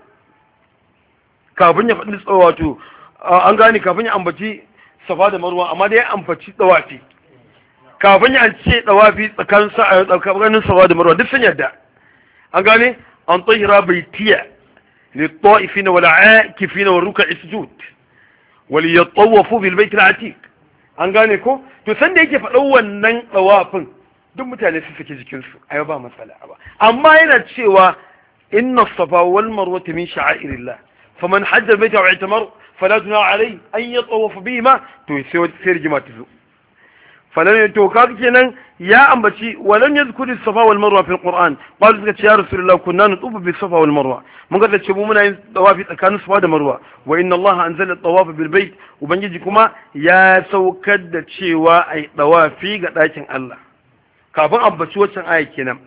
kafin ya faɗi tsawato an gane kafin ya ambaci safa da marwa amma dai ya ambaci dawafi kafin ya ce tsawafi tsakanin sawa da marwa duk sun yadda an gane an tahira baitiya li ta'ifina wal aakifina wal ruk'i sujud wal yatawafu bil baitil atiq an gane ko to sanda yake faɗa wannan tsawafin duk mutane su saki jikinsu a ba matsala ba amma yana cewa inna safa wal marwa min sha'airillah faman hajja baita wa i'tamar fala tunaha alayhi an yatawafa bihima to sai sai rigima ta zo falan ya to kaga kenan ya ambaci walan yadhkuri safa wal marwa fil qur'an qalu suka ya rasulullah kunna nutufu bi safa wal marwa mun ga ce mu muna yin tawafi tsakanin safa da marwa wa inna allaha anzala tawafa bil bait ubangiji kuma ya saukar da cewa ai tawafi ga dakin Allah kafin ambaci wancan aya kenan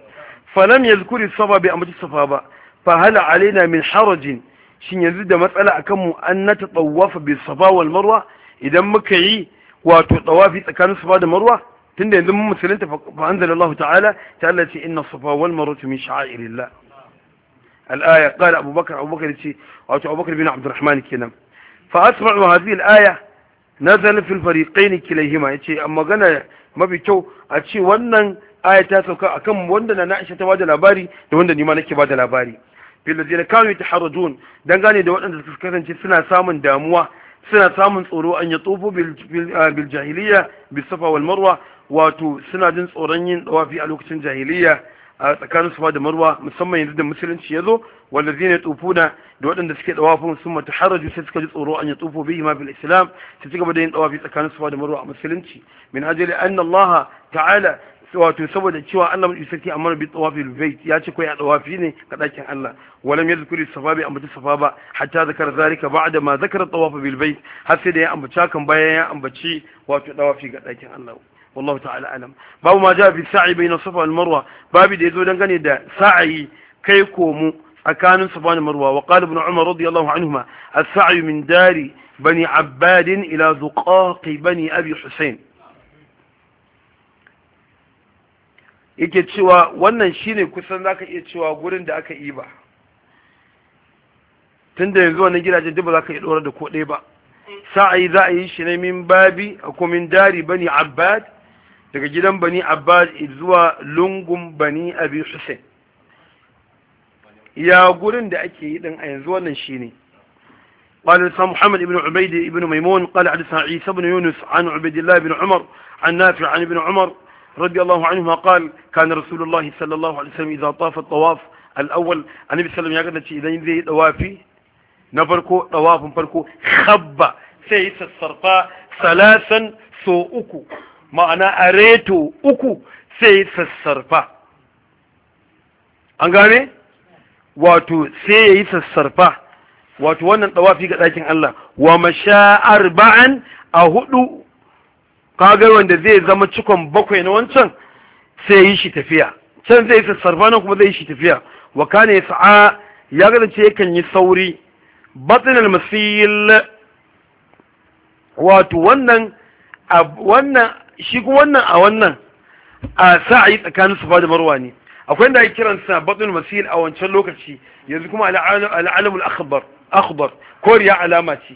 falam yadhkuri safa bi ambaci safa ba fa hal alaina min harajin shin yanzu da matsala akan mu an natatawafa bi safa wal marwa idan muka yi wato tsawafi tsakanin safa da marwa tunda yanzu mun musulunta fa anzalallahu ta'ala ta Allah ce inna safa wal marwa min sha'airillah الآية قال أبو بكر أبو بكر أبو بكر بن عبد الرحمن كنا فأسمع هذه الآية nazalin filfariƙaini kilaihima ya ce amma gana mafi kyau a ce wannan aya ta sauka akan wanda na na'isha ta bada labari da wanda ma nake bada labari ladina kanu ta harajun gane da waɗanda suka kasance suna samun damuwa suna samun tsoro an ya tsofo ah, bil jahiliya bil safa wal marwa wato suna jin tsoron yin dawafi a lokacin jahiliya a tsakanin safa da marwa musamman yanzu da musulunci ya zo wanda zai ne tsofuna da waɗanda suke dawafin sun mata haraju sai suka ji tsoro an ya tsofo bi ma bil islam sai suka da yin dawafi tsakanin safa da marwa a musulunci min ajali anna allah ta'ala wato saboda cewa Allah mai sarki amma bi tawafil bait ya ce kai a tawafi ne ga dakin Allah walam yadhkuri a bi safaba ba hatta zakar zalika ba'da ma zakara tawaf bil bait har sai da ya ambaci kan bayan ya ambaci wato tawafi ga dakin Allah wallahu ta'ala alam babu ma jaa bi sa'i bayna safa wal marwa babu da yazo dangane da sa'i kai komo tsakanin safa da marwa wa qala ibn umar radiyallahu anhuma as-sa'yu min dari bani abbad ila zuqaq bani abi husayn yake cewa wannan shine kusan zaka iya cewa gurin da aka yi ba tunda yanzu wannan gidajen duk ba za ka iya ɗora da ko ɗaya ba sa'ayi za a yi shi ne min babi a komin dari bani abbad daga gidan bani abbad zuwa lungun bani abi hussein ya gurin da ake yi din a yanzu wannan shi ne قال لسان محمد بن عبيد بن ميمون قال حدثنا عيسى بن يونس عن عبيد الله بن عمر عن نافع عن ابن عمر رضي الله عنهما قال كان رسول الله صلى الله عليه وسلم إذا طاف الطواف الأول النبي صلى الله عليه وسلم يقول إذا ذي طوافي نفركو طواف فركو خب سيس الصرفاء ثلاثا سو أكو معنى أريتو أكو سيس الصرفاء أنقاني واتو سيس الصرفاء واتو وانا طوافي قد لكن الله ومشاء أربعا أهدو kagar wanda zai zama cikon bakwai na wancan sai yi shi tafiya can zai isa sarfanan kuma zai yi shi tafiya wa kane sa'a ya ce yakan yi sauri batin almasil wato wannan a wannan shi kuma wannan a wannan a sa'ayi tsakanin su ba da marwa ne akwai da ake kiransa batin almasil a wancan lokaci yanzu kuma al'alamul akhbar akhbar koriya alama ce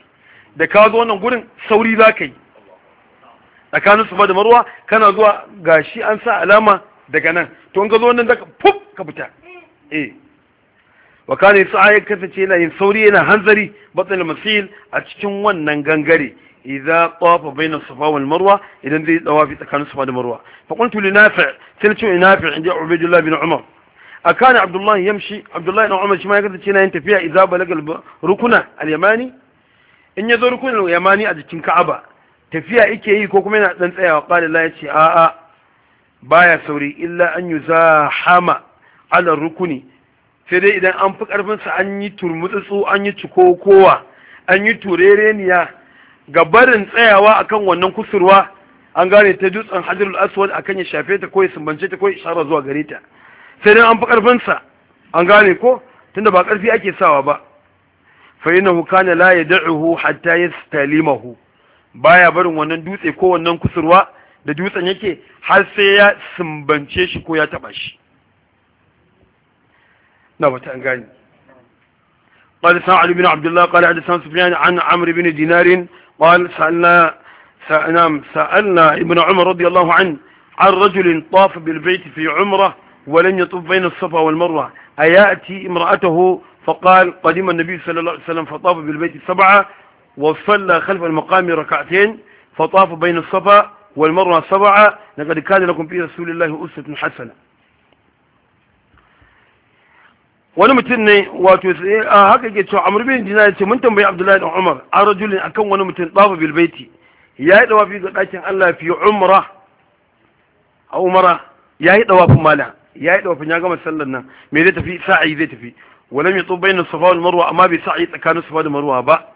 da ka zo wannan gurin sauri za ka yi tsakanin su da marwa kana zuwa gashi an sa alama daga nan to ga ka zo wannan daga fuf ka fita eh wa kana yasa ya kasance yana yin sauri yana hanzari batsalil masil a cikin wannan gangare idza tawafa baina safa wal marwa idan zai tawafi tsakanin safa da marwa fa qultu li nafi' sai ce nafi' inda ubaydullah bin umar أكان عبد الله يمشي عبد الله بن عمر شما يقدر تشينا rukuna إذا yamani? in ya zo يذو yamani a jikin Ka'aba. tafiya ike yi ko kuma yana dan tsayawa qala la yace a a baya sauri illa an yuzahama ala rukuni sai dai idan an fi karfin sa an yi turmutsu an yi cikokowa an yi turereniya ga barin tsayawa akan wannan kusurwa an gane ta dutsen hajarul aswad akan ya shafe ta ko ya sumbance ta ko ya isharar zuwa gare ta sai dai an fi karfin sa an gane ko tunda ba karfi ake sawa ba fa innahu kana la yad'uhu hatta yastalimahu baya barin wannan dutse ko wannan kusurwa da dutsen yake har sai ya sumbance shi ko ya taba shi na bata an gani قال سمع علي بن عبد الله قال حدثنا سفيان عن عمرو بن دينار قال سألنا سأنام سألنا ابن عمر رضي الله عنه عن رجل طاف بالبيت في عمره ولم يطف بين الصفا والمروة أيأتي امرأته فقال قدم النبي صلى الله عليه وسلم فطاف بالبيت سبعة وصلى خلف المقام ركعتين فطاف بين الصفا والمروه سبعه لقد كان لكم في رسول الله اسوه حسنه ونمتني واتوسي آه، هكا جيت عمرو بن دينار منتم بي عبد الله بن عمر رجل اكن ونمتن طاف بالبيت يا دوا في دكان الله في عمره او مره يا دوا إيه في مالا يا دوا إيه في نغمه سلل نان مي زي تفي سعي زي تفي ولم يطوف بين الصفا والمروه ما اما ساعه تكان الصفا والمروه بقى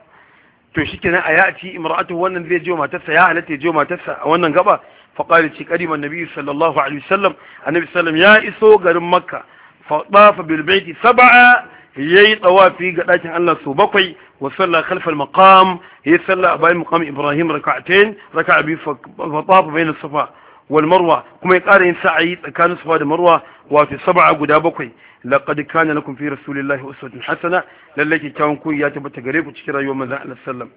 to shikenan a ya'ti imra'atu wannan zai je matarsa ya halatta ya je matarsa a wannan gaba fa qala ci qadiman nabi sallallahu alaihi wasallam annabi ya iso garin makka fa tafa bil baiti sab'a yayi tawafi ga dakin Allah su bakwai wa salla khalf al maqam yayi salla bayan maqam ibrahim rak'atayn raka'a bi fa tafa safa wal marwa kuma ya ƙara yin sa'ayi tsakanin safa da marwa wato sab'a guda bakwai laqad kana lakum fi rasulillahi uswatun hasana lalle kyakkyawan koyi ya tabbata gare ku cikin rayuwar manzon Allah sallam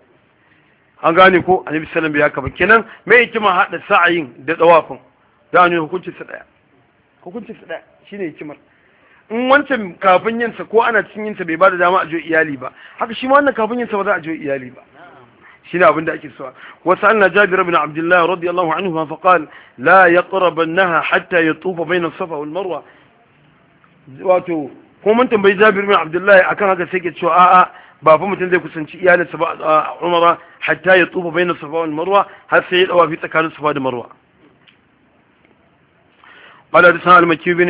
an gane ko annabi sallam bai haka ba kenan me hikima hada sa'ayin da tsawafin da an yi hukuncin sa daya hukuncin sa daya shine hikimar in wancan kafin yinsa ko ana cikin yinsa bai ba da dama a jo iyali ba haka shi ma wannan kafin yinsa ba za a jo iyali ba shine abin da ake so wasu anna jabir ibn abdullah radiyallahu anhu fa qala la yaqrabannaha hatta yatufa mun tambayi jabir ibn abdullah akan haka sai ke cewa a'a ba fa mutum zai kusanci iyalinsa ba a umara hatta ya tufa bayna safa wal har sai ya tsakanin safa da marwa قال حدثنا المكي بن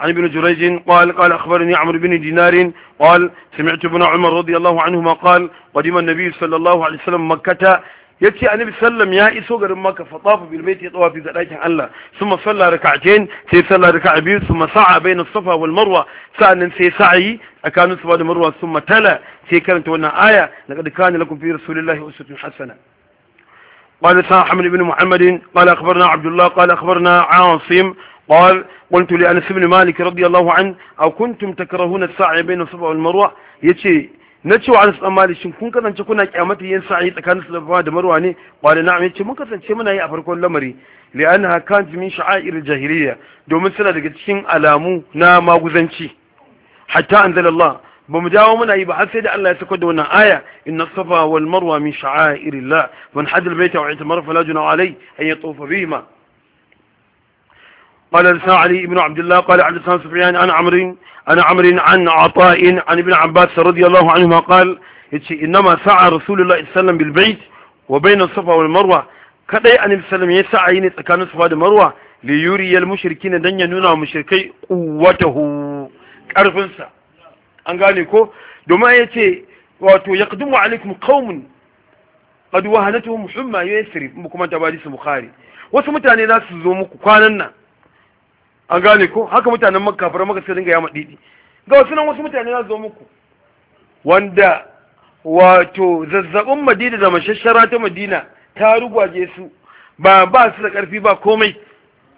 عن ابن جريج قال قال أخبرني عمرو بن دينار قال سمعت ابن عمر رضي الله عنهما قال قدم النبي صلى الله عليه وسلم مكة يتي النبي صلى الله عليه وسلم يا إسوغر مكة فطاف بالبيت طواف ذلك الله ثم صلى ركعتين ثم صلى ركعتين ثم سعى بين الصفا والمروة سأل أن سعي أكان الصفا والمروة ثم تلا سيكرت وأن آية لقد كان لكم في رسول الله أسوة حسنة قال سامح بن محمد قال أخبرنا عبد الله قال أخبرنا عاصم قال قلت لأنس بن مالك رضي الله عنه أو كنتم تكرهون السعي بين الصفا والمروة يتي نتشو عن الصمالي شن كن كذا تكون أمتي ينسعي كان الصفا والمروة ني قال نعم يتي من كذا شيء من أي أفرقون لمري لأنها كانت من شعائر الجاهلية دوم سنة لقتشين ألامو ناما وزنشي حتى أنزل الله bamu dawo muna yi ba har sai da Allah ya sako da wannan aya inna safa wal marwa min sha'airillah man hajjal baita wa itamara fala قال حدثنا علي بن عبد الله قال حدثنا ana عن عمرو عن عمرو عن عطاء عن ابن عباس رضي الله عنهما قال انما سعى رسول الله صلى الله عليه وسلم بالبيت وبين kadai annabi sallam ya sa ayi ne tsakanin Safa da Marwa li yuriyal mushrikin dan ya nuna wa mushrikai quwwatahu karfin sa an gane ko domin yace wato yaqdumu alaikum qaumun qad wahanatuhum humma yasrib kuma tabadis bukhari wasu mutane za su zo muku kwanan nan an gane ko haka mutanen makka fara maka sai dinga yama didi ga wasu nan wasu mutane za zo muku wanda wato zazzabin madina da mashashara ta madina ta rugwaje su ba ba su da karfi ba komai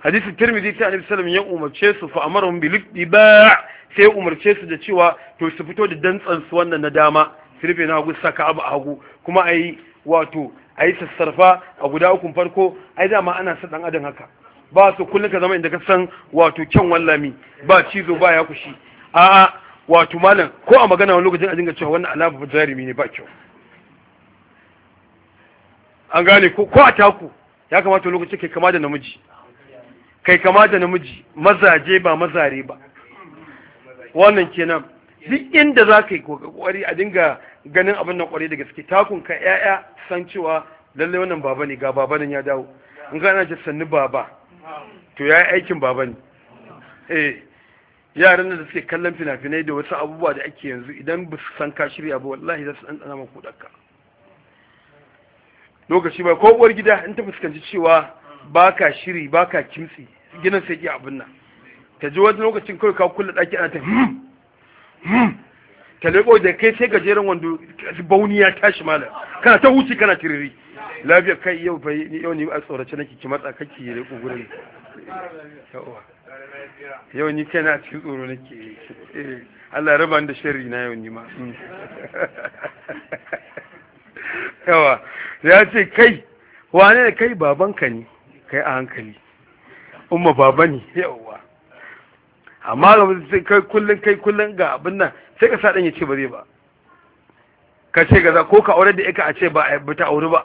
hadisi tirmidhi ta annabi sallallahu ya umarce su fa amarhum bil ba sai umarce su da cewa to su fito da dantsan su wannan na dama su rufe na hagu saka abu a hagu kuma ayi wato ayi sassarfa a guda ukun farko ai dama ana sa dan adam haka ba su kullum ka zama inda ka san wato kyan wallami ba cizo ba ya kushi a'a wato malam ko a magana wani lokacin a dinga cewa wannan alama jarumi ne ba kyau an gane ko a taku ya kamata lokacin kai kama da namiji kai kama da namiji mazaje ba mazare ba wannan kenan duk inda za ka yi kokari a dinga ganin abin nan kwarai da gaske takun ka 'ya'ya san cewa lallai wannan baba ne ga baba nan ya dawo in gana ce sannu baba to ya yi aikin baba ne eh yaran da suke kallon fina-finai da wasu abubuwa da ake yanzu idan ba su san ka shirya ba wallahi za su ɗan ɗana maku lokaci ba ko uwar gida in ta fuskanci cewa ba ka shiri ba ka kimtsi ginin sai ke abin nan ta ji wani lokacin kawai ka kulle ɗaki ana ta hmm, hmm. ta leƙo da kai sai gajeren wando bauni ya tashi malam kana ta huci kana tiriri lafiya kai yau bai yau ne a tsorace nake ki matsa kake leƙo gurin yau ni kai na cikin tsoro nake eh, Allah raba da shari na yau ni ma mm. yawa ya ce kai wane ne kai babanka ne kai a hankali umma baba ne yawa amma ga kai kullun kai kullun ga abin nan sai ka sa dan ya ce ba zai ba ka ce gaza ko ka aure da ika a ce ba a ta aure ba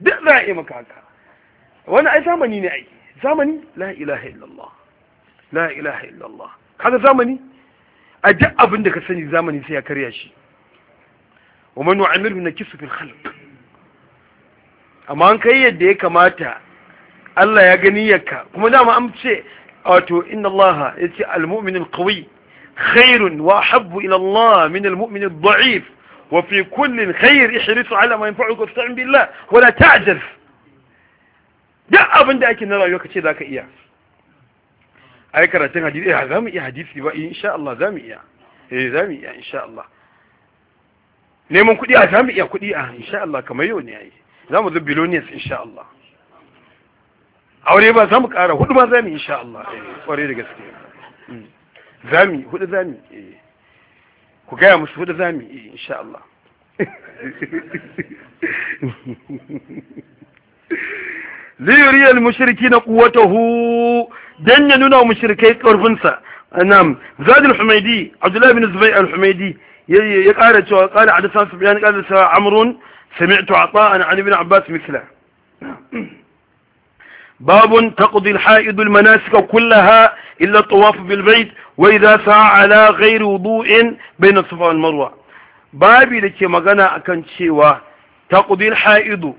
duk za a yi maka haka wani ai zamani ne aiki. زمني لا إله إلا الله لا إله إلا الله هذا زمني أجأ أبن دك سني زمني سيا كرياشي ومن وعمل من كسو في الخلق أما أنك يدي كماتا الله يا غنيك كما دام أمتشي أتو إن الله يتي المؤمن القوي خير وأحب إلى الله من المؤمن الضعيف وفي كل خير احرص على ما ينفعك واستعن بالله ولا تعجز duk abin da ake na rayuwa kace zaka iya ai karatun hadisi za mu iya hadisi ba insha Allah za mu iya eh mu iya insha Allah neman kuɗi a mu iya kuɗi a insha Allah kamar yau ne ai zamu zo in insha Allah aure ba za mu ƙara hudu ma zamu insha Allah eh kware da gaske mm. zami hudu zami eh ku gaya musu hudu zami eh insha Allah liyuriyar mushirki na kuwa ta don ya nuna mushirkai ƙarfinsa na zadil humaidi abdullahi bin zubai al-humaidi ya ƙara cewa ƙara a dasa su biyan ƙasa sa amurun sami'atu a ta'a na alibin abbas misla babun taqdil ha'idul manasika kullaha illa tawafu bil bait wa idza sa'a ala ghairi wudu'in bain as-safa wal marwa babi dake magana akan cewa taqdil ha'idu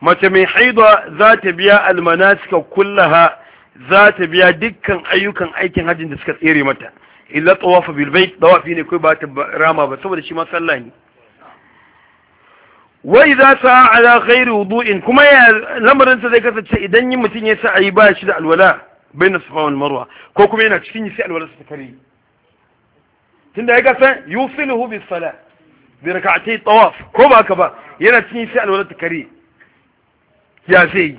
mace mai haidwa za ta biya almanasika kullaha za ta biya dukkan ayyukan aikin hajjin da suka tsere mata illa tawafa bilbai bait ne kai ba ta rama ba saboda shi ma sallah ne wa idza sa'a ala ghairi wudu'in kuma ya lamarin sa zai kasance idan yin mutum ya sa ayi ba shi da alwala bain safa wal marwa ko kuma yana cikin yi sai alwala sa kare tunda ya kasan yusiluhu bis sala bi rak'atay tawaf ko ba ka ba yana cikin yi sai alwala ta kare ya zai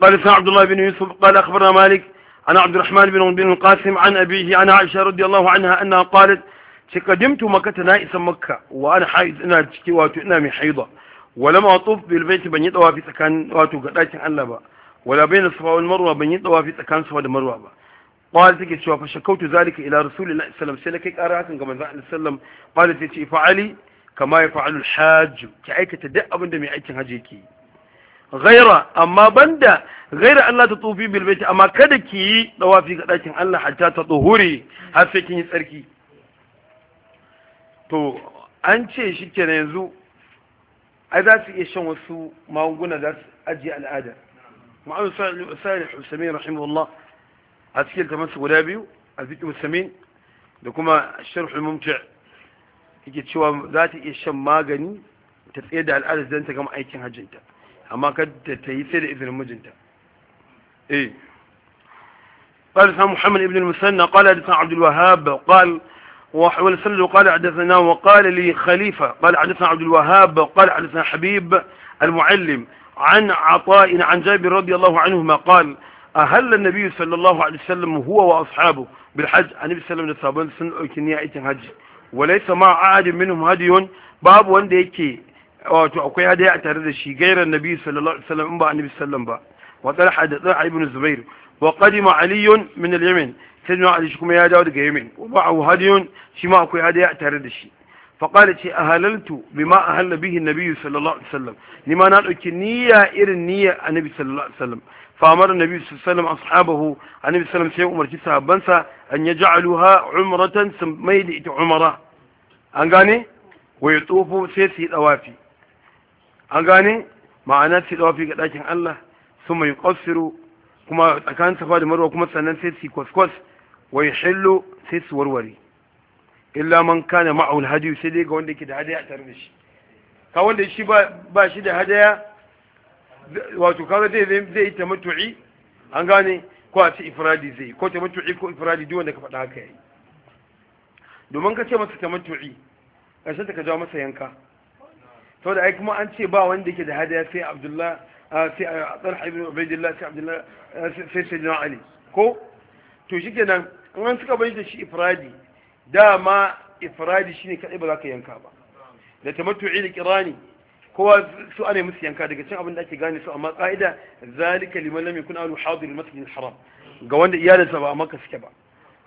قال سنا عبد الله بن يوسف قال أخبرنا مالك عن عبد الرحمن بن بن القاسم عن أبيه عن عائشة رضي الله عنها أنها قالت تقدمت مكة نائسا مكة وأنا حائز إنا تشكي واتو إنا من حيضة ولم أطوف بالبيت بن يطوى في سكان واتو قدائت عن لبا ولا بين الصفا والمروة بن يطوى في سكان صفا والمروة با. قال تكي شوى فشكوت ذلك إلى رسول الله صلى الله عليه وسلم سلكك أراكم كما ذا عليه وسلم قالت تكي فعلي kama ya fa'alul hajju ki aikata duk abinda mai aikin haji ke gaira amma banda gaira Allah ta tsofi bil amma kada ki yi ɗawafi ga dakin Allah hatta ta tsohure har sai kin yi tsarki to an ce shi kenan yanzu ai za su iya shan wasu magunguna za su ajiye al'ada ma'amu salih usamin rahimahullah a guda biyu a da kuma sharhul mumti' yake cewa za ta iya shan magani ta tsaye da al'adar zanta ta gama aikin hajjinta amma kada ta yi sai da izinin mijinta eh قال سمع محمد بن المسنى قال حدثنا عبد الوهاب قال وحول سلو قال حدثنا وقال لي خليفة قال حدثنا عبد الوهاب قال حدثنا حبيب المعلم عن عطاء عن جابر رضي الله عنهما قال أهل النبي صلى الله عليه وسلم هو وأصحابه بالحج النبي صلى الله عليه وسلم سن أكنيا إتن حج walai walaysa ma ahadin minhum hadiyun babu wanda yake wato akwai hadaya a tare da shi gairan nabi sallallahu alaihi wasallam in ba annabi sallam ba wa talha da talha ibn zubair wa qadima ali min al-yaman sayyidina ali shi kuma ya dawo daga yaman wa ma'ahu hadiyun shi ma akwai hadaya a tare da shi faƙala ce a halaltu bi ma a halla bihin nabi sallallahu alaihi wasallam ni ma na ɗauki niyya irin niyya annabi sallallahu alaihi wasallam famar nabi sallam ashabahu annabi sallam sai umarci sahabbansa an yaj'aluha umratan sun mai ita umara an gane wa ya sai su yi dawafi an gane ma'ana su yi dawafi ga dakin Allah sun mai qasiru kuma tsakanin safa da marwa kuma sannan sai su yi kwaskwas wa yahillu sai su warware illa man kana ma'aul hadiyu sai dai wanda yake da hadaya a tare da shi ka wanda ba shi da hadaya wato kaga zai zai yi tamattu'i an gane ko a ce ifradi zai ko tamattu'i ko ifradi duk wanda ka faɗa haka yayi domin ka ce masa tamattu'i ƙarshen ta ka jawo masa yanka saboda ai kuma an ce ba wanda yake da hadaya sai abdullah ah, sai ah, talha ibn ubaidillah sai abdullah ah, sai sayyidina ali ko to shikenan in an suka bayyana shi ifradi dama ifradi shine kadai ba za ka yanka ba da tamattu'i da kirani kowa su ana musu yanka daga cin abin da ake gane su amma ka'ida zalika liman lam yakun ahlu hadir masjid al-haram ga wanda iyalinsa ba a maka suke ba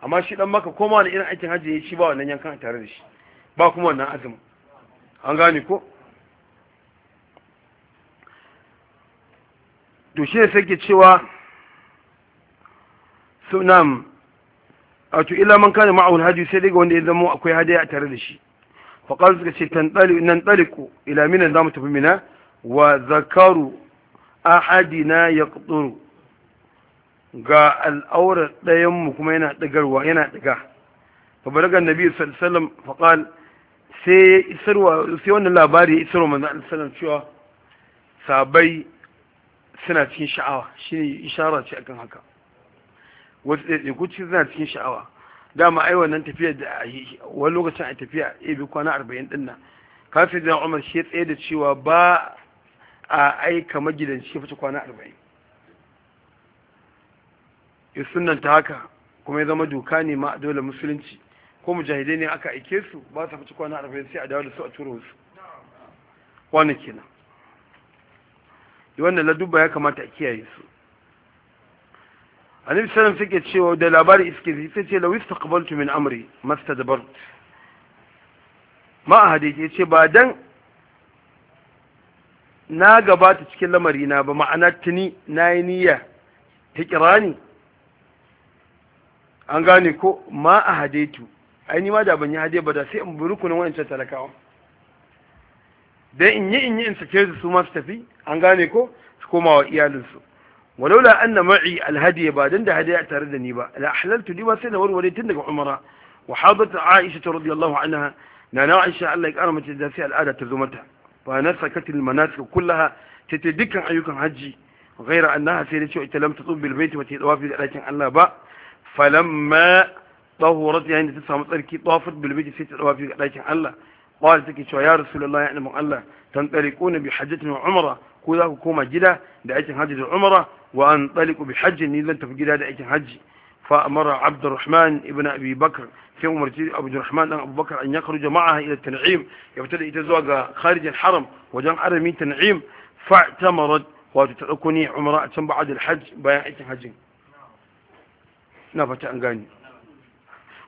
amma shi dan maka koma wani irin aikin hajji ya shi ba wannan yankan tare da shi ba kuma wannan azumin an gane ko to shi ne sake cewa sunam a to ila man kana ma'aul hajji sai dai ga wanda ya zama akwai hadaya tare da shi faƙar suka ce nan ɗaliku ilaminan za mu tafi mina wa zakaru a ahadina ya ƙuduru ga al'aurar ɗayanmu kuma yana ɗigarwa yana ɗiga fabaragar nabi sallallahu faƙal sai ya isarwa sai wannan labari ya isarwa manzan alisalam cewa sabai suna cikin sha'awa shi ne ishara ce akan haka wata ɗaiɗaiku ce suna cikin sha'awa dama ai wannan tafiyar da wani lokacin a tafiya ya eh, bi kwana arba'in din nan kafin da umar shi tsaye da cewa ba a aika magidanci ya fice kwana arba'in ya sunanta haka kuma ya zama doka ne ma dole musulunci ko mujahidai ne aka aike su ba su fice kwana arba'in sai a dawo da su a turo su wani kenan wannan ladubba ya kamata a kiyaye su annabi sallam suke cewa da labari iske sai ce law istaqbaltu min amri mastadbart ma hadisi ce ba dan na gabata cikin lamari na ba ma'ana tuni nayi niyya ta kirani an gane ko ma a hadaitu ai ni ma da ban yi hade ba da sai in bi rukunin wancan talakawa dan in yi in yi in sake su su ma su tafi an gane ko su koma wa iyalinsu walaula anna ma'i ba dan da hadiya tare da ni ba la ahlaltu li ba sai na warware tun daga umara wa hadat aisha radiyallahu anha na na aisha Allah ya kara mace da sai al'ada ta zo mata fa nasakat almanasik kullaha tata dukkan ayyukan haji ghaira annaha sai da cewa ita lam tatub bil bait wa ta dawafi da dakin Allah ba falamma tahurat yayin da ta samu tsarki tawafat bil bait sai ta dawafi da dakin Allah qala take cewa ya rasulullahi ya annabi Allah tantariquna bi hajjatin wa umrah كذا كوما جدا دعيت حج العمرة وأنطلق بحج نيل تفجد دعيت حج فأمر عبد الرحمن ابن أبي بكر في عمر عبد الرحمن أبو بكر أن يخرج معها إلى التنعيم يبتدئ يتزوج خارج الحرم وجن أرمي تنعيم فاعتمرت وتتركني عمرة ثم بعد الحج بيعت حج نفت أنقاني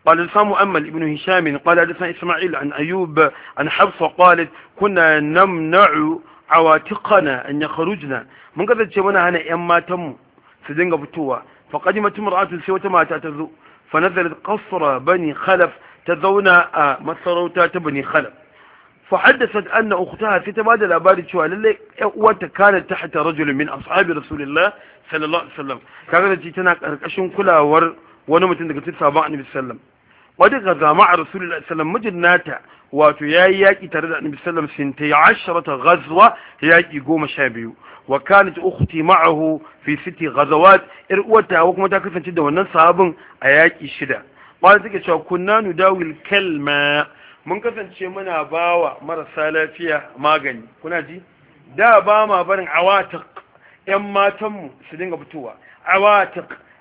قال الإسلام مؤمل ابن هشام قال حدثنا إسماعيل عن أيوب عن حفصة قالت كنا نمنع awatiqana an yakhrujna mun kasance muna hana matan mu su dinga fitowa fa qadimat imra'atun sai wata mata ta zo fa nazalat qasra bani khalaf ta zauna a masarauta ta bani khalaf fa haddathat anna ukhtaha sai ta bada labari cewa lalle ƴan uwarta kana tahta rajulin min ashabi rasulillah sallallahu alaihi wasallam kaga da tana karkashin kulawar wani mutum daga cikin sahabban annabi sallallahu wadda ga zama a rasulullah sallam mijin nata wato ya yaki tare da annabi sallam sinta ya ashirata ghazwa yaƙi goma sha biyu wa kanat ukhti ma'ahu fi siti ghazawat ir uwata kuma ta kasance da wannan sahabin a yaki shida ba take cewa kunna dawil kalma mun kasance muna bawa marasa lafiya magani kuna ji da ba ma barin awatak yan matanmu su dinga fitowa awatak